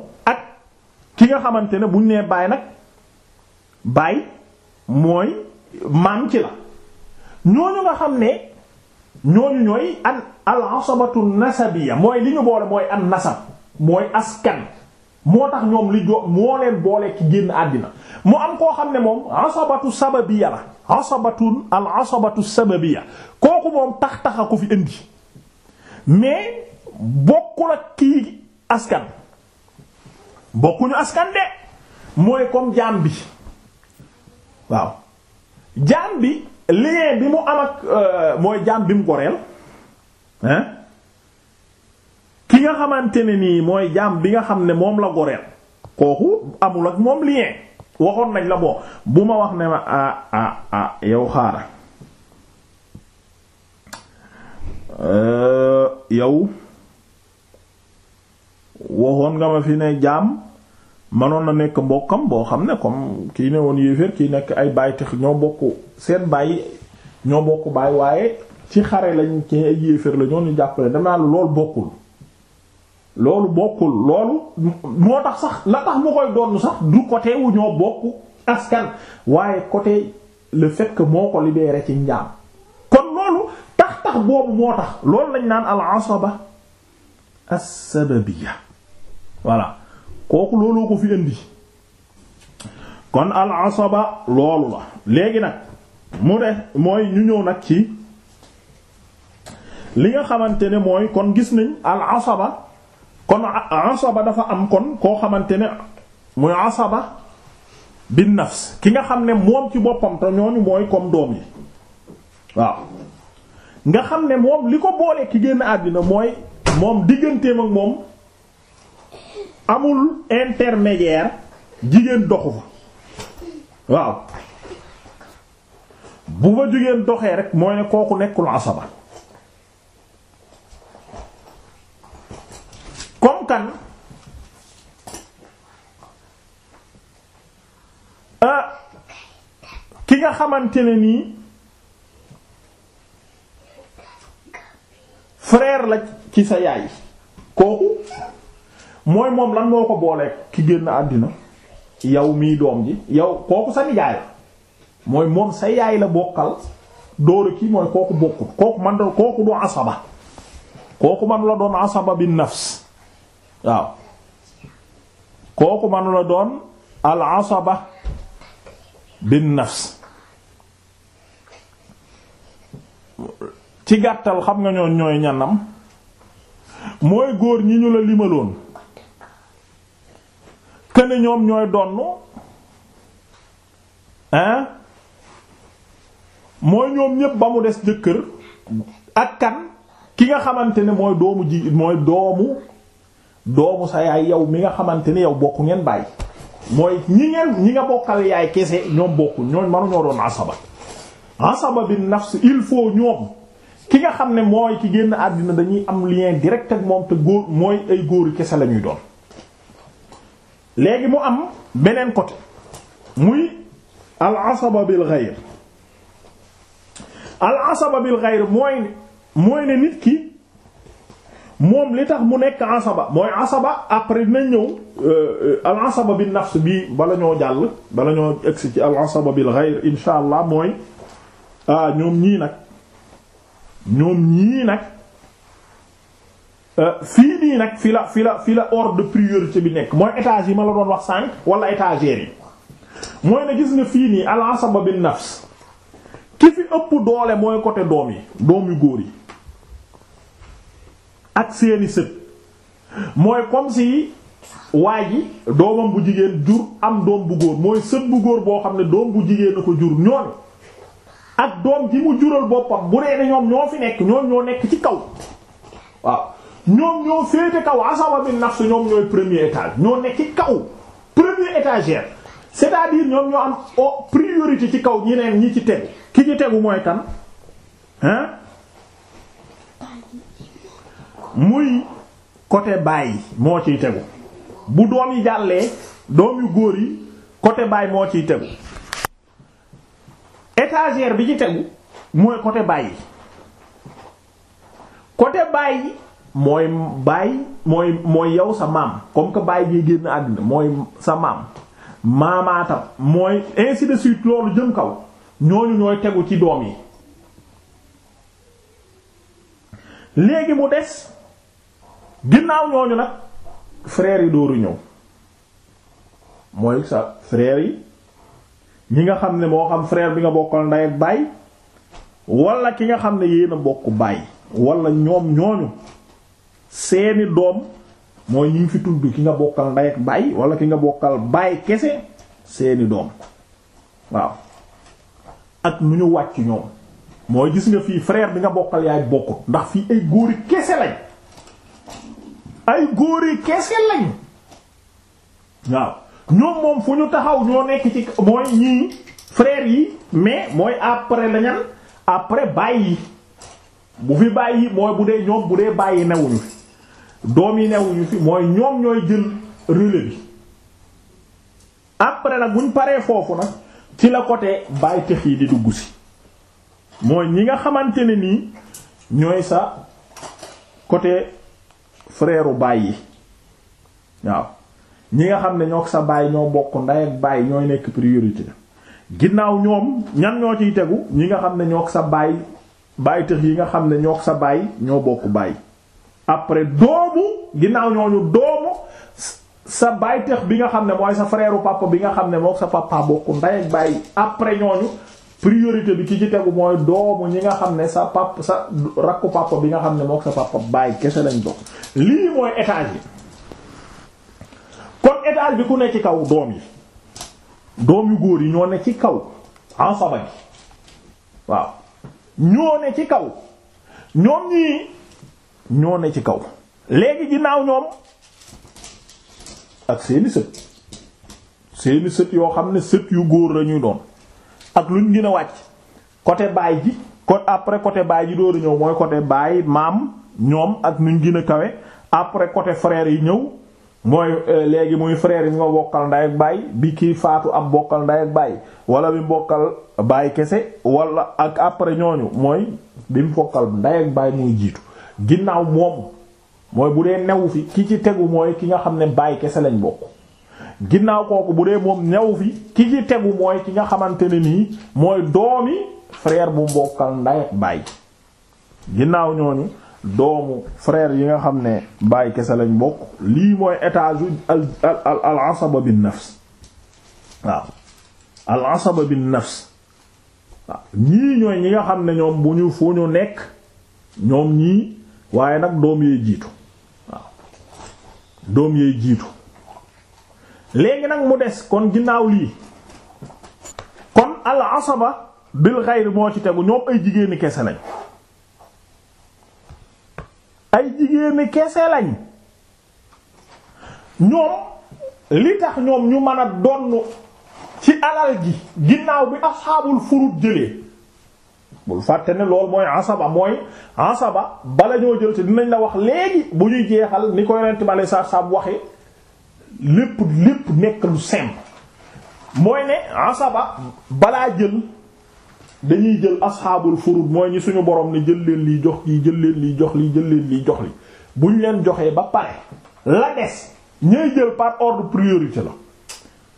ki nga xamante ne buñ nee baay nag baay mooy maam ci la ñooñu nga xam ne ñooñu ñooy an al-asabatu nasabiyya mooy li ñu boole mooy an nasab mooy askan moo tax ñoom li jo moo leen boole ci génn àddina mu am koo xam ne moom asabatu sababiyya la asabatu al-asabatu sababiyya kooku moom tax taxa ko fi indi mais bokkul ak kii askan. bokkuñu askan de mooy comme jaam bi waaw jaan bi lien bi mu am ak euh, mooy jaam bi mu goreel ki nga xamante ne nii mooy jaam bi nga xam ne moom la goreel kooku amul ak moom lien waxoon nañ la boo bu ma wax ne ma ah ah, ah yow xaara euh, yow waxoon nga ma fi ne jaam manoon na nekk mbokkam boo xam ne comme kii ne woon yéeféer kii nekk ay baay tax ñoo bokk seen baay ñoo bokk baay waaye ci xare lañu ci ay yéeféer la ñoo jàppale damaa la loolu bokkul loolu bokkul loolu moo tax sax la tax mu koy doon sax du côté ñoo bokk askan waaye côté la fekk que moo ko libéré ci njaam kon loolu tax tax boobu moo tax loolu lañ naan al ba as sababiyya voilà kooku looloo ko fi indi kon al asaba loolu la léegi nag mu de mooy ñu ñëw nag ci li nga xamante ne mooy kon gis nañ al asaba kon asaba dafa am kon koo xamante ne muy asaba bin nafs ki nga xam ne moom ci boppam te ñooñu mooy comme doom yi waaw nga xam ne moom li ko boolee ki génn àddina mooy moom digganteem ak moom amul intermédiaire jigéen doxu fa waaw bu fa jigéen doxee rek mooy ne kooku nekkul asaba comme kan euh, ki nga xamante ne nii frère la ci sa yaay kooku mooy moom lan moo ko booleeg ki génn àddina yow mii doom ji yow kooku sa nijaay mooy moom sa yaay la bokkal dóora kii mooy kooku bokkut kooku man doon kooku asaba kooku la doon asaba bi nafs waaw kooku manu la doon al asaba bi nafs ci gàttal xam nga ñoon ñooy ñanam mooy góor ñi ñu la limaloon këne ñoom ñooy donnu hein mooy ñoom ñépp ba mu des jëkkër ak kan ki nga xamante ne mooy doomu ji mooy doomu doomu sax yaay yow mi nga xamante ne yow bokku ngeen bàyyi mooy ñi ngeen ñi nga bokkal yaay kese ñoom bokku ñoo manu ñoo doon asaba asaba bi nafs il faut ñoom ki nga xam ne mooy ki génn àddina dañuy am lien direct ak moom te góor mooy ay góori kese la ñuy doon léegi mu am beneen côté muy al asaba bil ghayr al asaba bil ghayr mooy mooy ne nit ki moom li tax mu nekk asaba mooy asaba après dina ñëw euh, al asaba bin nafs bi bala ñoo jàll bala ñoo egsi ci al asaba bil ghayr insha allah mooy ah ñoom ñii nag ñoom ñii nag Euh, fii nii nag fi la fi la fi la ordre de priorité bi nekk mooy étage yi ma la doon wax sànq wala étagères yi mooy ne gis nga fii nii al asaba bin nafs ki fi ëpp doole mooy côté doom yi doom yu góor yi ak seeni sët mooy comme si waa ji doomam bu jigéen jur am doom bu góor mooy sët bu góor boo xam ne doom bu jigéen a ko jur ñoon ak doom ji mu jural boppam bu dee ne ñoom ñoo fi nekk ñoom ñoo nekk ci kaw waaw ñoom ñoo féete kaw asawa bi nafs ñoom ñooy premier étage ñoo nekk ci kaw premier étagère c'est-à-dire ñoom ñoo am priorité ci kaw ñeneen ñi ci tegu ki ci tegu mooy kan hein muy côté baay moo ciy tegu bu doom yi jàllee doom yu góor yi côté baay moo ciy tegu étagère bi ci tegu mooy côté yi côté baay mooy baay mooy mooy yow sa maam comme que baay jee génn àddina mooy sa maam maamaatam mooy ainsi de suite loolu jëm kaw ñooñu ñooy tegu ci doom yi léegi mu des ginnaaw ñooñu nag frères yi dooru ñëw mooy sa frère yi ñi nga xam ne moo xam frère bi nga bokkal ndey ak baay wala ki nga xam ne yéen a bokk baay wala ñoom ñooñu seeni doom mooy ñi ngi fi tudd ki nga bokkal ndey ak baay wala ki nga bokkal bàyyi kese seeni doom waaw ak nu ñu wàcc ñoom mooy gis nga fii frère bi nga bokkal yaay bokkut ndax fii ay góori kese lañ ay góori waaw ñoom moom fu ñu taxaw ñoo nekk ci mooy ñii frère yi mais mooy après lañan après baay yi bu fi baay mooy bu dee ñoom bu dee bàyyi yi newuñu doom yi newuñu fi mooy ñoom ñooy jël relais bi après nag buñ paree foofu nag ci la côté bàyyi tex yi di dugg si mooy ñi nga xamante ne nii ñooy sa côté frère baay yi waaw ñi nga xam ne ñoo sa baay ñoo bokk nday ak baay ñooy nekk priorité ginnaaw ñoom ñan ñoo tegu ñi nga xam ne ñoo sa baay baay yi nga xam ne ñoo sa baay ñoo bokk baay après doomu ginnaaw ñooñu doomu sa baay tex bi nga xam ne mooy sa frère papa bi nga xam ne mook sa papa bokku ndey ak baay après ñooñu priorité bi ki ci tegu mooy doomu ñi nga xam ne sa papa sa rakku papa bi nga xam ne mook sa papa baay kese lañ bokk lii mooy étage yi kon étage bi ku ne ci kaw doom yi doom yu góor yi ñoo ne ci kaw en saba gi waaw ñoo ne ci kaw ñoom ñii ñoo ne ci kaw léegi ginnaaw ñoom ak seeni sët seeni sët yoo xam ne sët yu góor lañuy doon ak luñ gën a wàcc côté baay ji kon après côté baay ji dooru ñëw mooy côté baay maam ñoom ak nuñ gën a kawe après côté frère yi ñëw mooy euh, léegi muy frère yi ñu nga bokkal nday ak baay bi kii faatu am bokkal nday ak baay wala bi bokkal baay kese wala ak après ñooñu mooy bi mu bokkal nday ak baay muy jiitu ginnaaw moom mooy bu dee newu fi ki ci tegu mooy ki nga xam ne baay kese lañ bokk ginnaaw kooku bu dee moom newu fi ki ci tegu mooy ki nga xamante ne nii mooy doomi frère bu bokkal nday ak baay ginnaaw ñooñu doomu frère yi nga xam ne baay kese lañ bokk lii mooy étage al al al asaba bin nafs waaw al asaba bin nafs waaw ñii ñooy ñi nga xam ne ñoom bu ñu fu ñu nekk ñoom ñii waaye nag doom yee jiitu doom yee jiitu léegi nag mu des kon ginnaaw lii kon al asaba bil xayri moo ci tegu ñoom ay jigéeni kese lañ ay jigéeni kese lañ ñoom li tax ñoom ñu mën a donn ci alal ji ginnaaw bi xaabul furud jëlee bul fàtte ne loolu mooy asaba mooy asaba bala ñoo jël ci dinañ la wax léegi bu ñuy jeexal ni ko yonent bale sa saab waxee lépp lépp nekk lu simple mooy ne asaba balaa jël dañuy jël asxaabul furud mooy ñi suñu borom ne jël leen lii jox lii jël leen lii jox lii jël leen lii jox li buñ leen joxee ba pare la des ñooy jël par ordre priorité la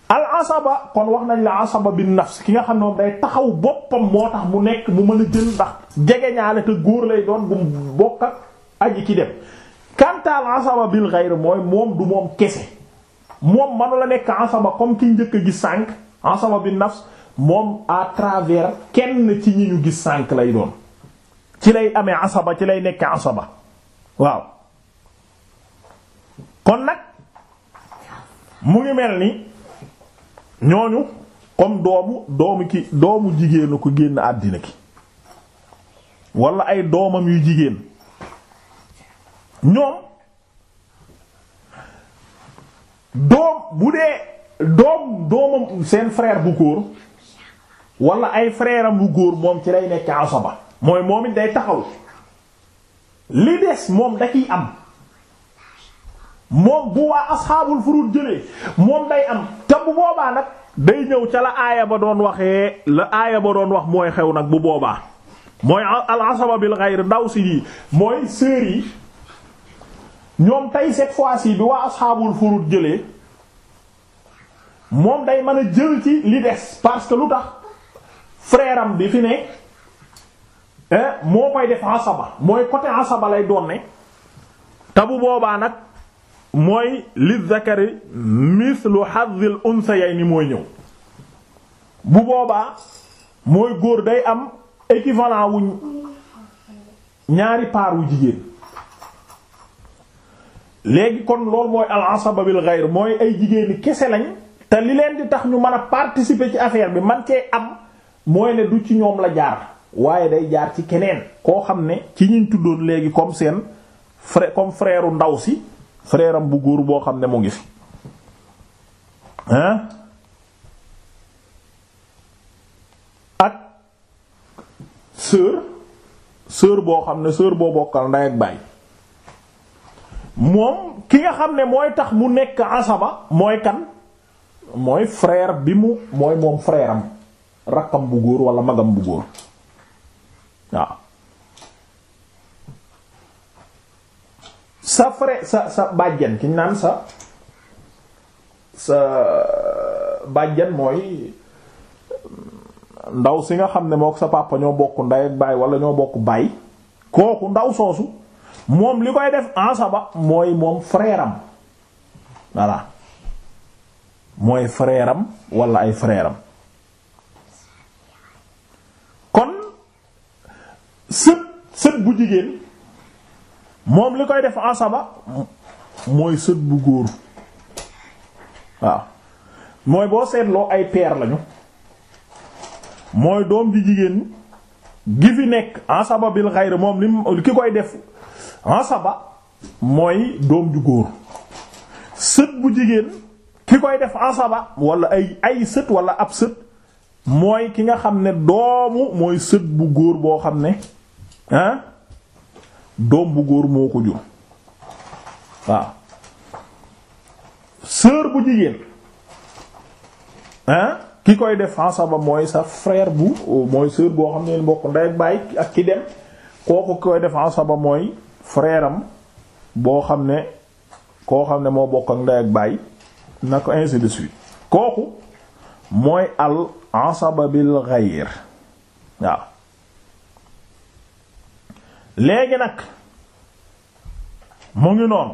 al asaba kon wax nañ la asaba bi nafs ki nga xam ne moom day taxaw boppam moo tax mu nekk mu mën a jël ndax jege ñaale te góor lay doon bu bokk ak aji ci dem quant à al asaba bil ghayr mooy moom du moom kese moom manu la nekk asaba comme ki njëkk a gis sànq asaba bil nafs moom à travers kenn ci ñi ñu gis sànq lay doon ci lay amee asaba ci lay nekk asaba waaw kon nag mu ngi mel ni ñooñu comme doomu doomu ki doomu jigéenu ko génn àddina ki wala ay doomam yu jigéen ñoom doom bu dee doom doomam seen frère bu góor wala ay frère bu góor moom ci lay nekk asaba mooy moom it day taxaw li des moom da ciy am moom bu waa asxaabul furud jëlee moom day am te bu boobaa nag day ñëw ca la aaya ba doon waxee la aaya ba doon wax mooy xew nag bu boobaa mooy al asaba bil ghayr ndaw si yi mooy sœur yi ñoom tey set fois-ci bi waa asxaabul furud jëlee moom day mën a jël ci li des parce que lu tax frère bi fi ne eh, moo koy def asaba mooy côté asaba lay doon ne te boobaa nag mooy li zakari mithlu hazzil unsayayni mooy ñëw bu boobaa mooy góor day am équivalent wu ñaari paar wu jigéen léegi kon loolu mooy al asaba bil mooy ay jigéeni kese lañ te li leen di tax ñu mën a participer ci affaire bi man cee am mooy ne du ci ñoom la jaar waaye day jaar ci keneen koo xam ne ci ñuñ tuddoon léegi comme seen frère comme frère ndaw si frère bu góor boo xam ne mu ngi fi hein ak sœur sœur boo xam ne sœur boo bokkal nday ak baay moom ki nga xam ne mooy tax mu nekk asaba mooy kan mooy frère bi mu mooy moom frère rakkam bu góor wala magam bu góor waaw sa frère sa sa bàjjan ki naan sa sa bàjjan mooy mm, ndaw si nga xam ne mook sa papa ñoo bokk nday ak baay wala ñoo bokk baay kooku ndaw soosu moom li koy def ansaba mooy moom frère am voilà mooy frère am ay frère am kon sët sët bu jigéen moom li koy def asaba mooy sët bu góor waaw mooy boo seetloo ay peer lañu mooy doom ju jigéen gi fi nekk asaba bil xayr moom li ki koy def asaba mooy doom ju góor sët bu jigéen ki koy def asaba wala ay ay sët wala ab sët mooy ki nga xam ne doomu mooy sët bu góor boo xam ne ah doom bu góor moo ko jur waaw sœur bu jigéen hein ki koy def asaba mooy sa frère bu mooy sœur boo xam ne bokk ndey ak baay ak ki dem kooku ki koy def asaba mooy frère boo xam ne koo xam ne moo bokk ak ndey ak baay na ko ainsi de suite kooku mooy al asaba bil ghayr waaw léegi nag mu ngi noon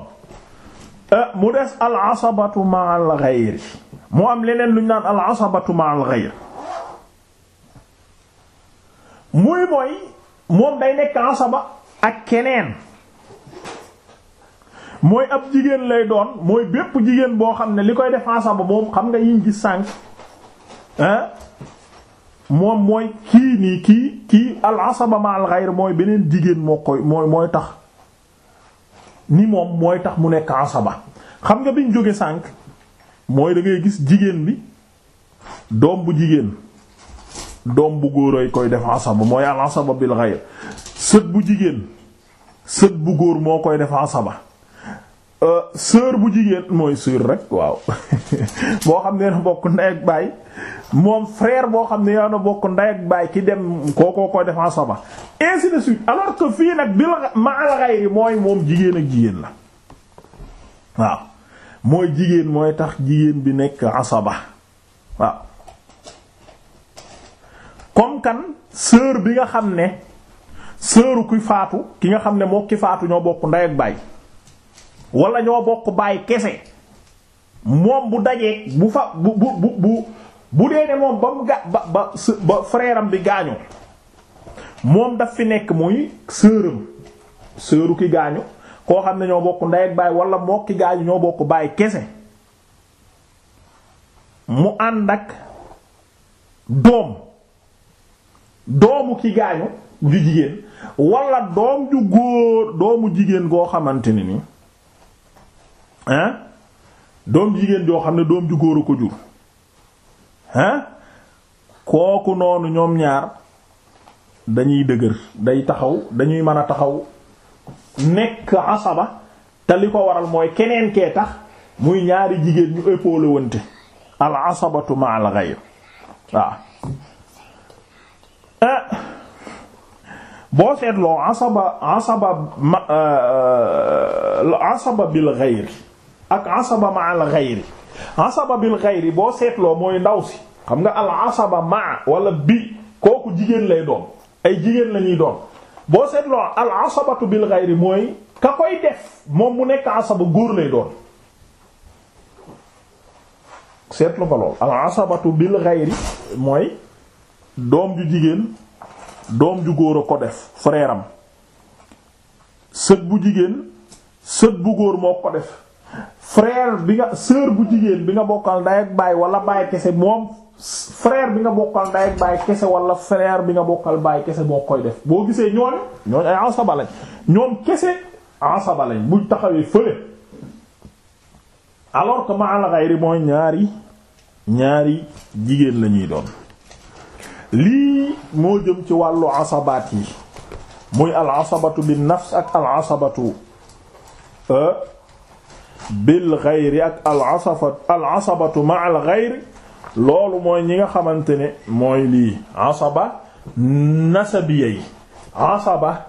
euh, mu des al asabatu ma al ghayri mu am leneen lu ñu naan al asabatu ma al ghayri muy mooy moom day nekk asaba ak keneen mooy ab jigéen lay doon mooy bépp jigéen boo xam ne li koy def asaba moom xam nga yiñ gis sànq ah moom mooy kii nii kii kii al asaba ma al ghayr mooy beneen jigéen moo koy mooy mooy tax ni moom mooy tax mu nekk asaba xam nga biñ jóge sànq mooy dangay gis jigéen bi doom bu jigéen doom bu góor koy def asaba mooy al asaba bil ghayr sët bu jigéen sët bu góor moo koy def asaba Euh, sœur bu jigéen mooy sœur rek waaw boo xam ne na bokk ndey ak baay moom frère boo xam ne na bokk ndey ak baay ki dem kookoo koy def asaba ainsi de suite alors que fii nag bi la maal xayri mooy moom jigéen ak jigéen la waaw mooy jigéen mooy tax jigéen bi nekk asaba waaw comme kan sœur bi nga xam ne sœuru ki faatu ki nga xam ne moo ki faatu ñoo bokk ndey ak baay wala ñoo bokk baay kese moom bu dajee bu fa bu bu bu bu dee ne moom ba mu ga ba ba ba frère bi gaañu moom daf fi nekk muy sœuram sœuru ki gaañu koo xam ne ñoo bokk ndey ak baay wala moo ki gaañu ñoo bokk baay kese mu ànd ak doom doomu ki gaañu ju jigéen wala doom ju góor doomu jigéen goo xamante ni ni hein doom jigéen joo xam ne doom ju góor a ko jur hein kooku noonu ñoom ñaar dañuy dëgër day taxaw dañuy mën a taxaw nekk asaba te li ko waral mooy keneen kee tax muy ñaari jigéen ñu épaulé wante al asabatu ma al ghayr waaw boo seetloo asaba asaba ma euh, asaba bil ghayr ak asaba ma al ghayri asaba bil ghayri boo seetloo mooy ndaw si xam nga al ma wala bi kooku jigéen lay doon ay jigéen lañuy ñuy boo seetloo al asabatu bil ghayri mooy ka koy def moom mu nekk asaba góor lay doon seetlu nga lool al bil ghayri mooy doom ju jigéen doom ju góor a ko def frère am sët bu jigéen sët bu góor moo ko def frère bi nga sœur bu jigéen bi nga bokkal nday ak baay wala baay kese moom frère bi nga bokkal nday ak baay kese wala frère bi nga bokkal baay kese boo koy def boo gisee ñooñ ñooñ ay asaba lañ ñoom kese asaba lañ buñ taxawee fële alors que ma al mooy ñaari ñaari jigéen lañuy ñuy doon lii moo jëm ci wàllu asabaat yi muy al asabatu bin nafs ak al asabatu euh, bil xayri ak al asafa al asabatu ma al xayri loolu mooy ñi nga xamante ne mooy lii asaba nasabiya yi asaba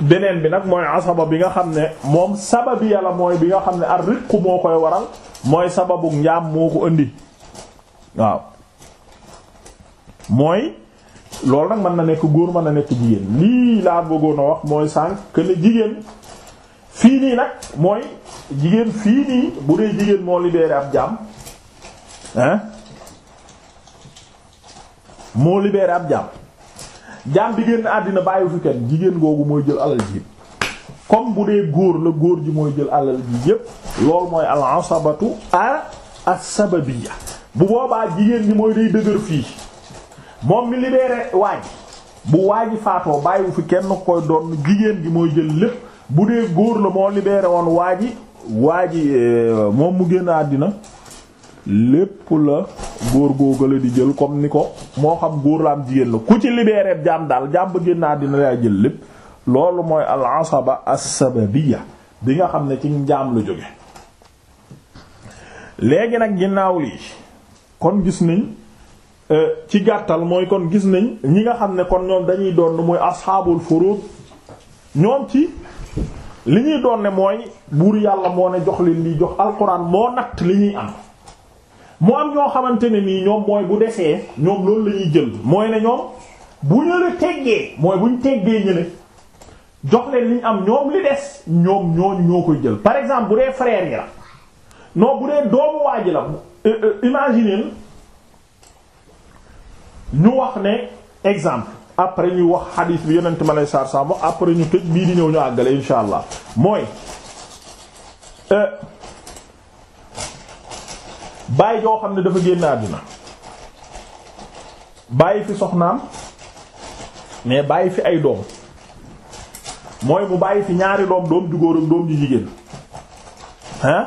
beneen bi nag mooy asaba bi nga xam ne moom sababiya la mooy bi nga xam ne ar riqu moo koy waral mooy sababu njaam moo ko indi waaw mooy loolu nag mën na nekk góor mën na nekk jigéen lii laa bëggoon a wax mooy sànq que jigéen fii nii nag mooy jigéen fii nii bu dee jigéen moo libéré ab jaam hein moo libéré ab jaam jaam bi génn àddina bàyyi fi kenn jigéen googu mooy jël alal ji comme bu dee góor la góor ji mooy jël alal ji yépp loolu mooy al asabatu a as bu boobaa jigéen bi mooy day dëgër fii moom mi libéré waaj bu waaji faatoo bàyyiwu fi kenn koy doon jigéen gi mooy jël lépp bu dee góor la moo libéré woon waaji waa ji euh, moom mu génn àddina lépp la góor góogale di jël comme ni ko moo xam góor la am jigéen la ku ci libéré jaam daal jaam ba génn àddina lay jël lépp loolu mooy al asaba as-sababiyya bi nga xam ne ci njaam la jóge léegi nag ginnaaw lii kon gis nañ euh, ci gàttal mooy kon gis nañ ñi nga xam ne kon ñoom dañuy doon muy asxaabul furuud ñoom ci li ñuy doon ne mooy buur yàlla moo ne jox leen lii jox alxuraan moo natt li ñuy am mu am ñoo xamante ne nii ñoom mooy bu desee ñoom loolu lañuy jël mooy ne ñoom bu ñu teggee mooy bu ñu teggee ñu ne jox leen li ñu am ñoom li des ñoom ñooñu ñoo koy jël par exemple bu dee frère yi la noo bu dee doomu waa ji la euh, euh, imagine ñu wax ne exemple après ñu wax xadiis bi yonent ma lay saar saam après ñu tëj bii di ñëw ñu àggale insha allah mooy euh, bàyyi joo xam ne dafa génn àddina bàyyi fi soxnaam mais bàyyi fi ay doom mooy mu bàyyi fi ñaari doom doom ju góor doom ju jigéen hein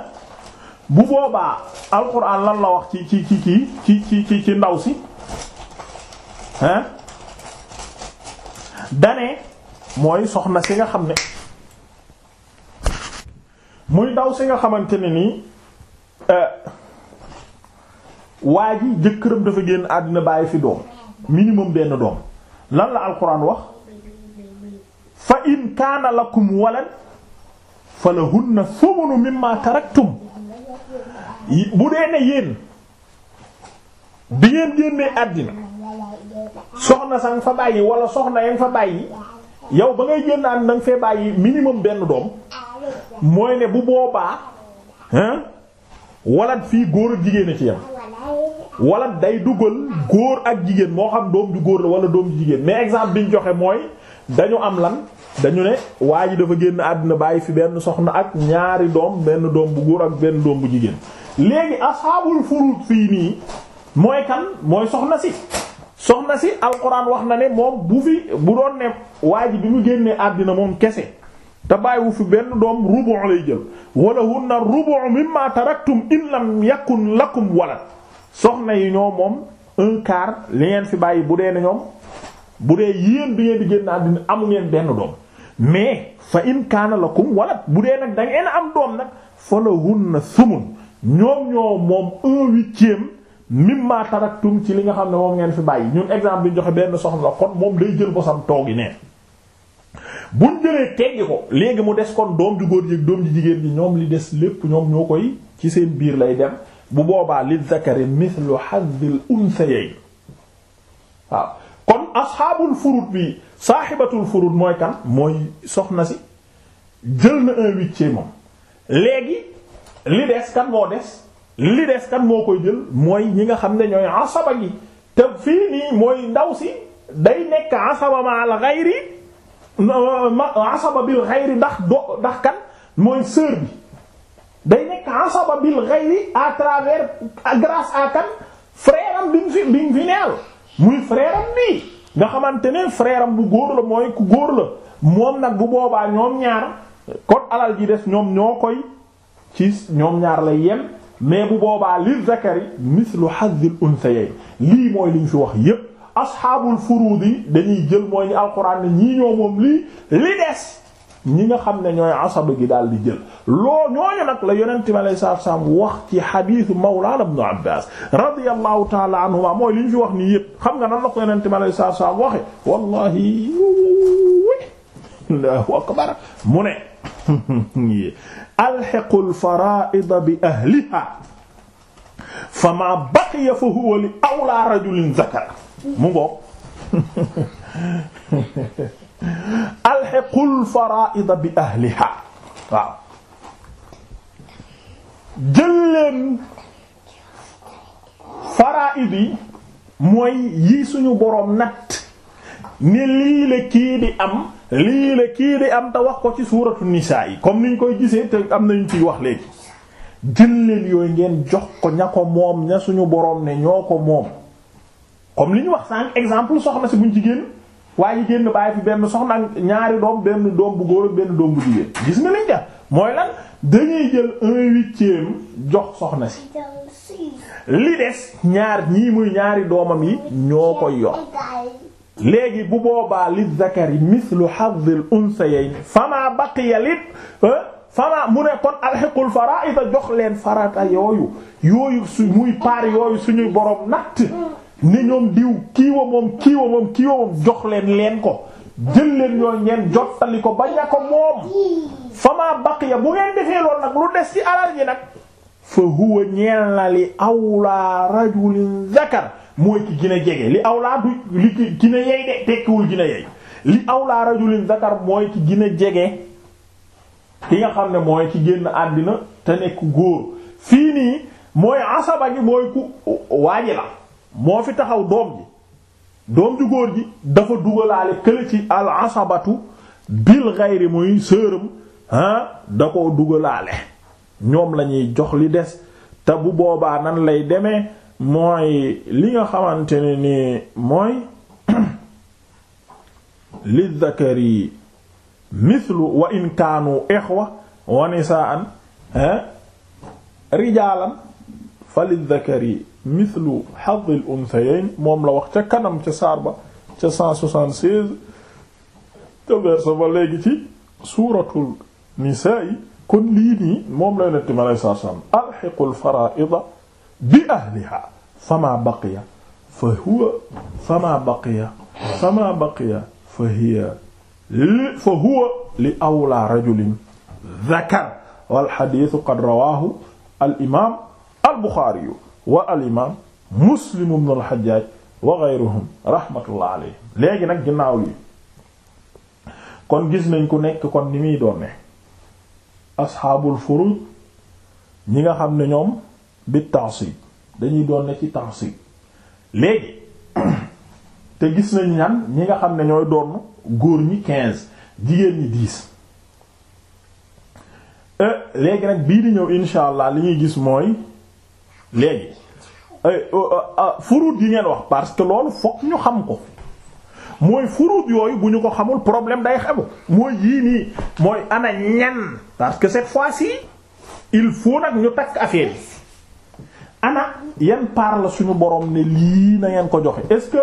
bu boobaa alxuraan lan la wax ci ci ci ci ci ci ci ndaw si hein dane mooy soxna si nga xam ne muy daw si nga xamante ne nii euh, waa ji jëkkëram dafa génn àddina bàyyi fi doom minimum benn doom lan la alquran wax fa in kaana lakum walad fa lahunna thumunu mimma taraktum bu dee ne yéen bi ngeen génnee àddina soxna sang fa bàyyi wala soxna yang fa bàyyi yow ba ngay génn ànd na nga fee bàyyi minimum benn doom mooy ne bu boobaa hein fii góor jigéen a ci yam walat day dugal góor ak jigéen moo xam doom ju góor la wala doom ju jigéen mais exemple bi ñu joxe mooy dañu am lan dañu ne waa ji dafa génn àdduna bàyyi fi benn soxna ak ñaari doom benn doom bu góor ak benn doom bu jigéen léegi asaabul furud fii nii mooy kan mooy soxna si soxna si alxuraan wax na ne moom bu fi bu doon ne waa ji bi mu génnee àddina moom kese te bàyyiwu fi benn doom rubu' lay jël wala hunna rubu' mimma taraktum in lam yakun lakum walad soxna yi ñoo moom un quart li ngeen fi bàyyi bu dee ne ñoom bu dee yéen bi ngeen génn àddina amu ngeen benn doom mais fa inkaana kaana lakum walad bu dee nag da am doom nag fa na sumun ñoom ñoo moom un mimma taraktum ci li nga xam ne moom ngeen fi bàyyi ñun exemple bi joxe benn soxna la kon moom day jël bosam toogi ne buñ jëlee teggi ko léegi mu des kon doom ju góor ji ak doom ji jigéen ji ñoom li des lépp ñoom ñoo koy ci seen biir lay dem bu boobaa li zakari mithlu hazzil unsayayn waaw kon asxaabul furud bi saaxibatul furud mooy kan mooy soxna si jël na un moom léegi li des kan moo des li des kan moo koy jël mooy ñi nga xam ne ñooy asaba gi te fii nii mooy ndaw si day nekk asaba ma al ghayri asaba bil ghayri ndax do ndax kan mooy sœur bi day nekk asaba bil ghayri à travers à kan frère bi mu fi bi mu muy frère am nga xamante ne frère bu góor la mooy ku góor la moom nag bu boobaa ñoom ñaar kon alal ji des ñoom ñoo koy ci ñoom ñaar lay yem mais bu boobaa lil zakari mislu hazzil unsayayn lii mooy liñ fi wax yépp asxaabul furuud yi dañuy jël mooy ñi alxuraan ne ñii ñoo moom lii li des ñi nga xam ne ñooy asaba gi daal di jël loo ñooñu nag la yonente bi alayhi salaatu salaam wax ci xadiisu mawlaana ibnu abbaas radiyallahu taala anhuma mooy li ñu fi wax nii yépp xam nga nan la ko yonente bi alayhi salaatu salaam waxe wallahi allahu akbar mu ne alxiqu alfaraida bi ahliha fa ma baqiya fa huwa li awla rajulin zakar mu ngoog alxiqu alfaraida bi ahliha waaw jël leen faraid yi mooy yii suñu boroom natt ni lii la kii di am lii la kii di am te wax ko ci suuratu nisaa yi comme niñ koy gisee te am ñu ciy wax léegi jël leen yooyu ngeen jox ko ña ko moom ña suñu boroom ne ñoo ko moom comme li ñu wax sànq exemple soxna si buñ jigéen waaye ji génn bàyyi fi benn soxna ak ñaari doom benn doom bu góor ak benn doom bu jigéen gis nga liñ def mooy lan dañuy jël un huitième jox soxna si li des ñaar ñii muy ñaari doomam yi ñoo koy yor léegi bu boobaa li zakari mislu hazzil unsayayn fama baqiya lit eh, fama mu ne kon alxiqul fara'id jox leen farata yooyu yooyu su muy paar yooyu suñuy borom natt ni ñoom diw kiiwa moom kiiwa moom kiiwa moom jox leen leen ko jël leen yooyu ngeen jottali ko ba ña ko moom fama baqiya bu ngeen defee lool nag lu des ci alal ji nag fa huwa ñeel na li awla rajulin zakar mooy ki gën jege li aw awlaa du li ki gën a de tekkiwul gën a yey li awlaa rajulin zakar mooy ki gën jege ki nga xam ne mooy ki génn àddina te nekk góor fii nii mooy asaba gi mooy ku waaji la moo fi taxaw doom ji doom ju góor ji dafa dugalaale kële ci al asabatu bil xayri muy sëram ah da ko dugalaale ñoom lañuy jox li des te bu boobaa nan lay demee mooy li nga xamante ne ni mooy li zakari mithlu wa in kaanu ixwa wa nisaan rijaalan fa li zakari mithlu hadil unthayayn la wax ca kanam ca saar ba ca 176 ca verset ba nisaa yi kon moom la yonent mi alayhi salaatu bi ahliha fama baqiya fa huwa fama baqiya fama baqiya fa hiya li fa huwa li awla rajulin dhakar wal hadith qad rawahu al imam al bukhari wa al imam muslim ibn al hajjaj wa ghayruhum rahmatullah alayhim léegi nag ginnaaw lii kon gis nañ ku nekk kon ni muy doon ne asxaabul furuj ñi nga xam ne ñoom bi ta'sib dañuy doon ne ci ta'sib léegi te gis nañ ñan ñi nga xam ne ñooy doon góor ñi quinze jigéen ñi dix euh, léegi nag bii di ñëw insha allah li ñuy gis mooy léegi euh, euh, furuut yi ngeen wax parce que loolu fokk ñu xam ko mooy furuut yooyu bu ñu ko xamul problème day xebu mooy yii nii mooy ana ñan parce que cette fois si il faut nag ñu takk affaire ana yan paar la suñu borom ne lii na ngeen ko joxe est-ce que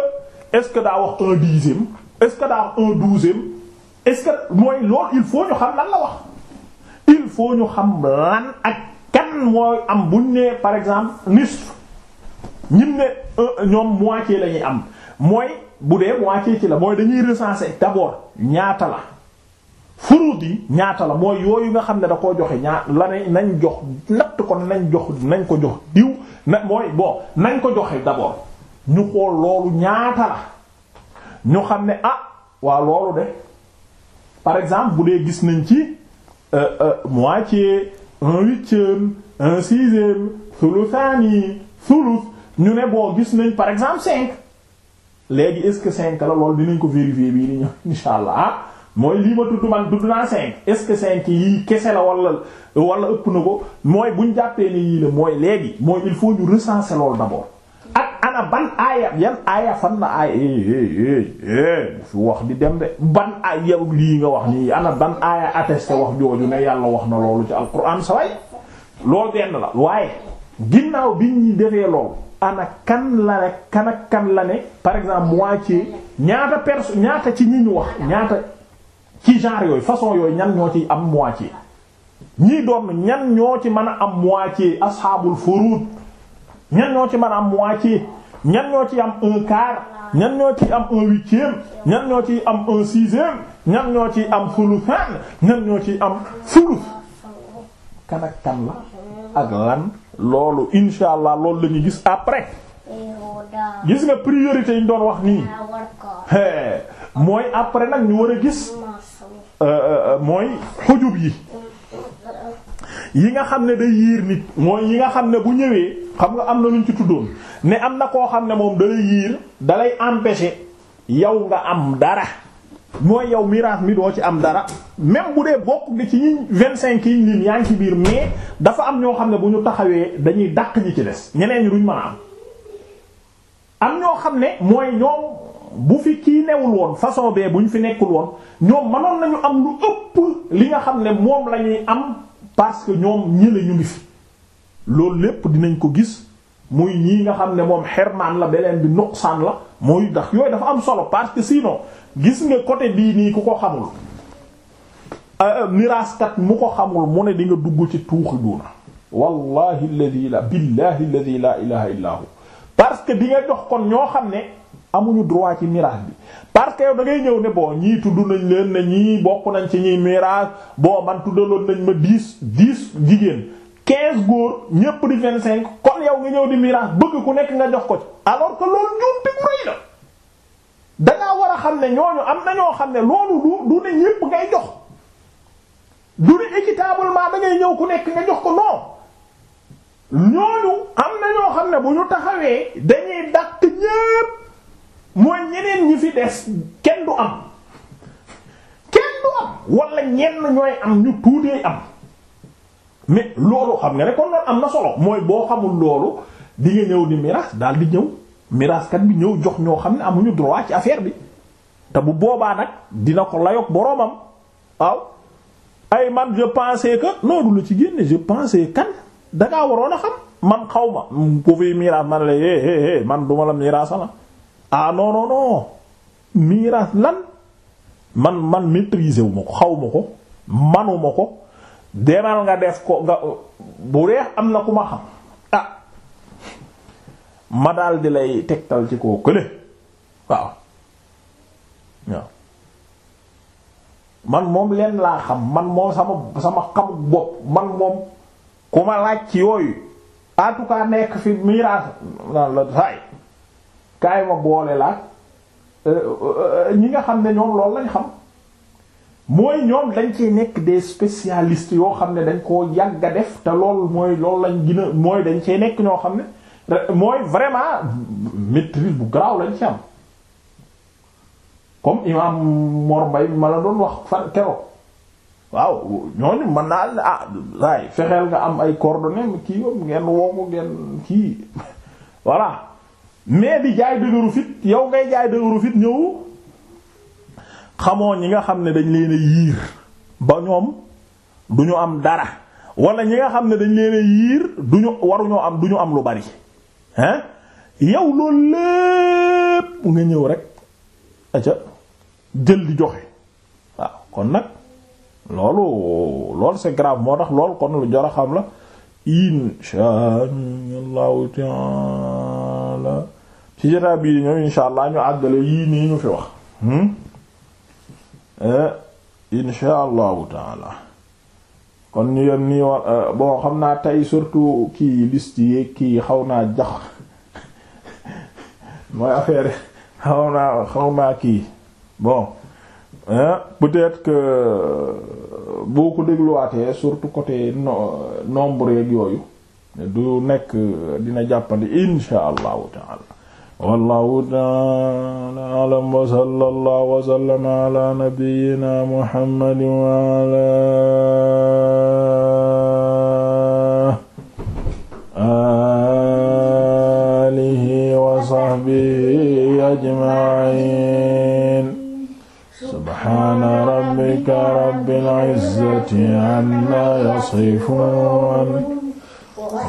est-ce que daa wax un dixième est-ce que daa wax un mooy loolu il faut ñu xam lan la wax il faut ñu xam lan ak kan mooy am buñ ne par exemple nisf ñim ne ñoom moitié la ñuy am mooy bu dee moitié ci la mooy dañuy recenser d'abord ñaata la furuut yi ñaata la mooy yooyu nga xam ne da koo joxe ñaa la ne nañ jox natt ko nañ jox nañ ko jox diw na mooy boo nañ ko joxe d'abord ñu xool loolu ñaata la ñu xam ne ah waa loolu de par exemple bu dee gis nañ ci euh, euh, moitié un huitième un sixième thuluthaani thuluth ñu ne boo gis nañ par exemple cinq léegi est-ce que cinq la loolu dinañ ko vérifier bii di ñëw insha allah ah mooy lii ma tudd man tudd naa cinq est yii kese la wala walla ëpp na ko mooy buñ jàppee ni yii la mooy léegi mooy il faut ñu recenser loolu d'abord ak ana ban aaya yan aaya fan la aaya eh, eh, eh, bu fi wax di dem de ban aaya yow lii nga wax nii ana ban aaya attesté wax jooju ne yàlla wax na loolu ci alquran saway loolu benn la waaye ginnaaw bi ñuy defee loolu ana kan la ne kan kan la ne par exemple moitié ñaata perso ñaata ci ñu ñu wax ñaata ci genre yooyu façon yooyu ñan ñoo ci am moitié ñii doon ñan ñoo ci mën a am moitié asxaabul furud ñan ñoo ci man a am moitié ñan ñoo ci am un quart ñan ñoo ci am un huitième ñan ñoo ci am un sixième ñan ñoo ci am thuluthan ñan ñoo ci am thuluth kan ak kan la ak lan loolu insha allah loolu lañuy gis après gis nga priorité yi ñu doon wax nii mooy après nag ñu war a gis euh, euh, euh, mooy xujub yi yi nga xam ne day yiir nit mooy yi nga xam ne bu ñëwee xam nga am na luñ ci tuddoon ne am na koo xam ne moom dalay yiir dalay empêcher yow nga am dara mooy yow miraas mi woo ci am dara même bu dee bokk nga ci ñi vingt cinq yi ñun yaa ngi ci biir mais dafa am ñoo xam ne bu ñu taxawee dañuy daq ñi ci des ñeneen ñi duñ mën a am am ñoo xam ne mooy ñoom bu fi kii newul woon façon bee bu ñu fi nekkul woon ñoom mënoon nañu am lu ëpp li nga xam ne moom lañuy am parce que ñoom ñële ñu ngi fi loolu lépp dinañ ko gis muy ñii nga xam ne moom xermaan la beneen bi nuqsaan la mooy dax yooyu dafa am solo parce que sinon gis nga côté bii nii ku ko xamul euh, euh, miraaskat mu ko xamul mu ne di nga dugg ci tuuxi duuna wallahi alladhi la billahi alladhi la ilaha illa hu parce que di nga jox kon ñoo xam ne amuñu droit ci miraas bi parce que yow da ngay ñëw ne bon ñii tudd nañ leen ne ñii bokk nañ ci ñuy miraas bon man tuddaloon nañ ma dix dix jigéen quinze góor ñépp di vingt cinq yow nga ñëw di miraas bëgg ku nekk nga jox ko ci alors que loolu njuumte bu rëy am na ñoo xam ne loolu ngay jox du ne ñëw ku nekk nga jox ko non. ñooñu am na ñoo xam ne bu ñu taxawee dañuy dàq ñépp mooy ñeneen ñi fi des kenn du am kenn du am wala ñenn ñooy am ñu tuutee am mais loolu xam nga ne kon loolu am na solo mooy boo xamul loolu di ñëw di miraas daal di ñëw miraaskat bi ñëw jox ñoo xam ne amuñu droit ci affaire bi te bu boobaa nag dina ko layoog boroomam waaw ay man je pensais que non du la ci génne je pensais kan dangaa waroon a xam man xaw ma. bu fi miraas eh, eh, eh, man la man duma la miraasama. ah non non lan man man maîtriser wu ma ko xaw ko manuma ko demal nga def ko nga bu reex am na ku ma xam ah ma daal di lay tegtal ci koo kële waaw waaw man moom leen laa xam man moom sama sama xamu bopp man moom ku ma laaj ci yooyu en nekk fi miraas la saay kaay ma boole la euh, euh, euh, ñi nga xam ne ñoom loolu lañ xam mooy ñoom dañ cee nekk des spécialistes yoo xam ne dañ koo yàgg def te lool mooy lool lañ gën a mooy dañ cee nekk ñoo xam ne mooy vraiment maîtrise bu garaaw lañ ci am comme imam Mor Mbaye ma la doon wax fan keroog waaw ñooñu mën naa ah fexeel nga am ay coordonnées kii yom ngeen woo ko ngeen kii voilà mais di jaay dëgëru fit yow ngay jaay dëgëru fit ñëw xamoo ñi nga xam ne dañ leen yiir ba ñoom du ñu am dara wala ñi nga xam ne dañ leen yiir du ñu waruñoo am du ñu am lu bari hein yow loolu lépp nga ñëw rek aca jël di joxe waaw kon nag loolu loolu c'est grave moo tax loolu kon lu jar xam la insha Allah ta'ala allah ci jotaay bii di insha allah ñu àggale yii nii ñu fi wax hmm? eh, insha allahu taala kon ñu yem nii wa eh, bon xam naa tey surtout kii liste yi kii xaw naa jax mooy affaire xaw naa xaw naa kii bon eh, peut-être que euh, boo ko dégluwaatee surtout côté nombre yeeg yooyu du nekk dina jàppandi insha allahu taala wallahu taala alam wa sallallahu wa sallama ala nabiyyina muhammadin wa ala alihi wa sahbihi ajma'in subhana rabbika rabbil izzati amma yasifun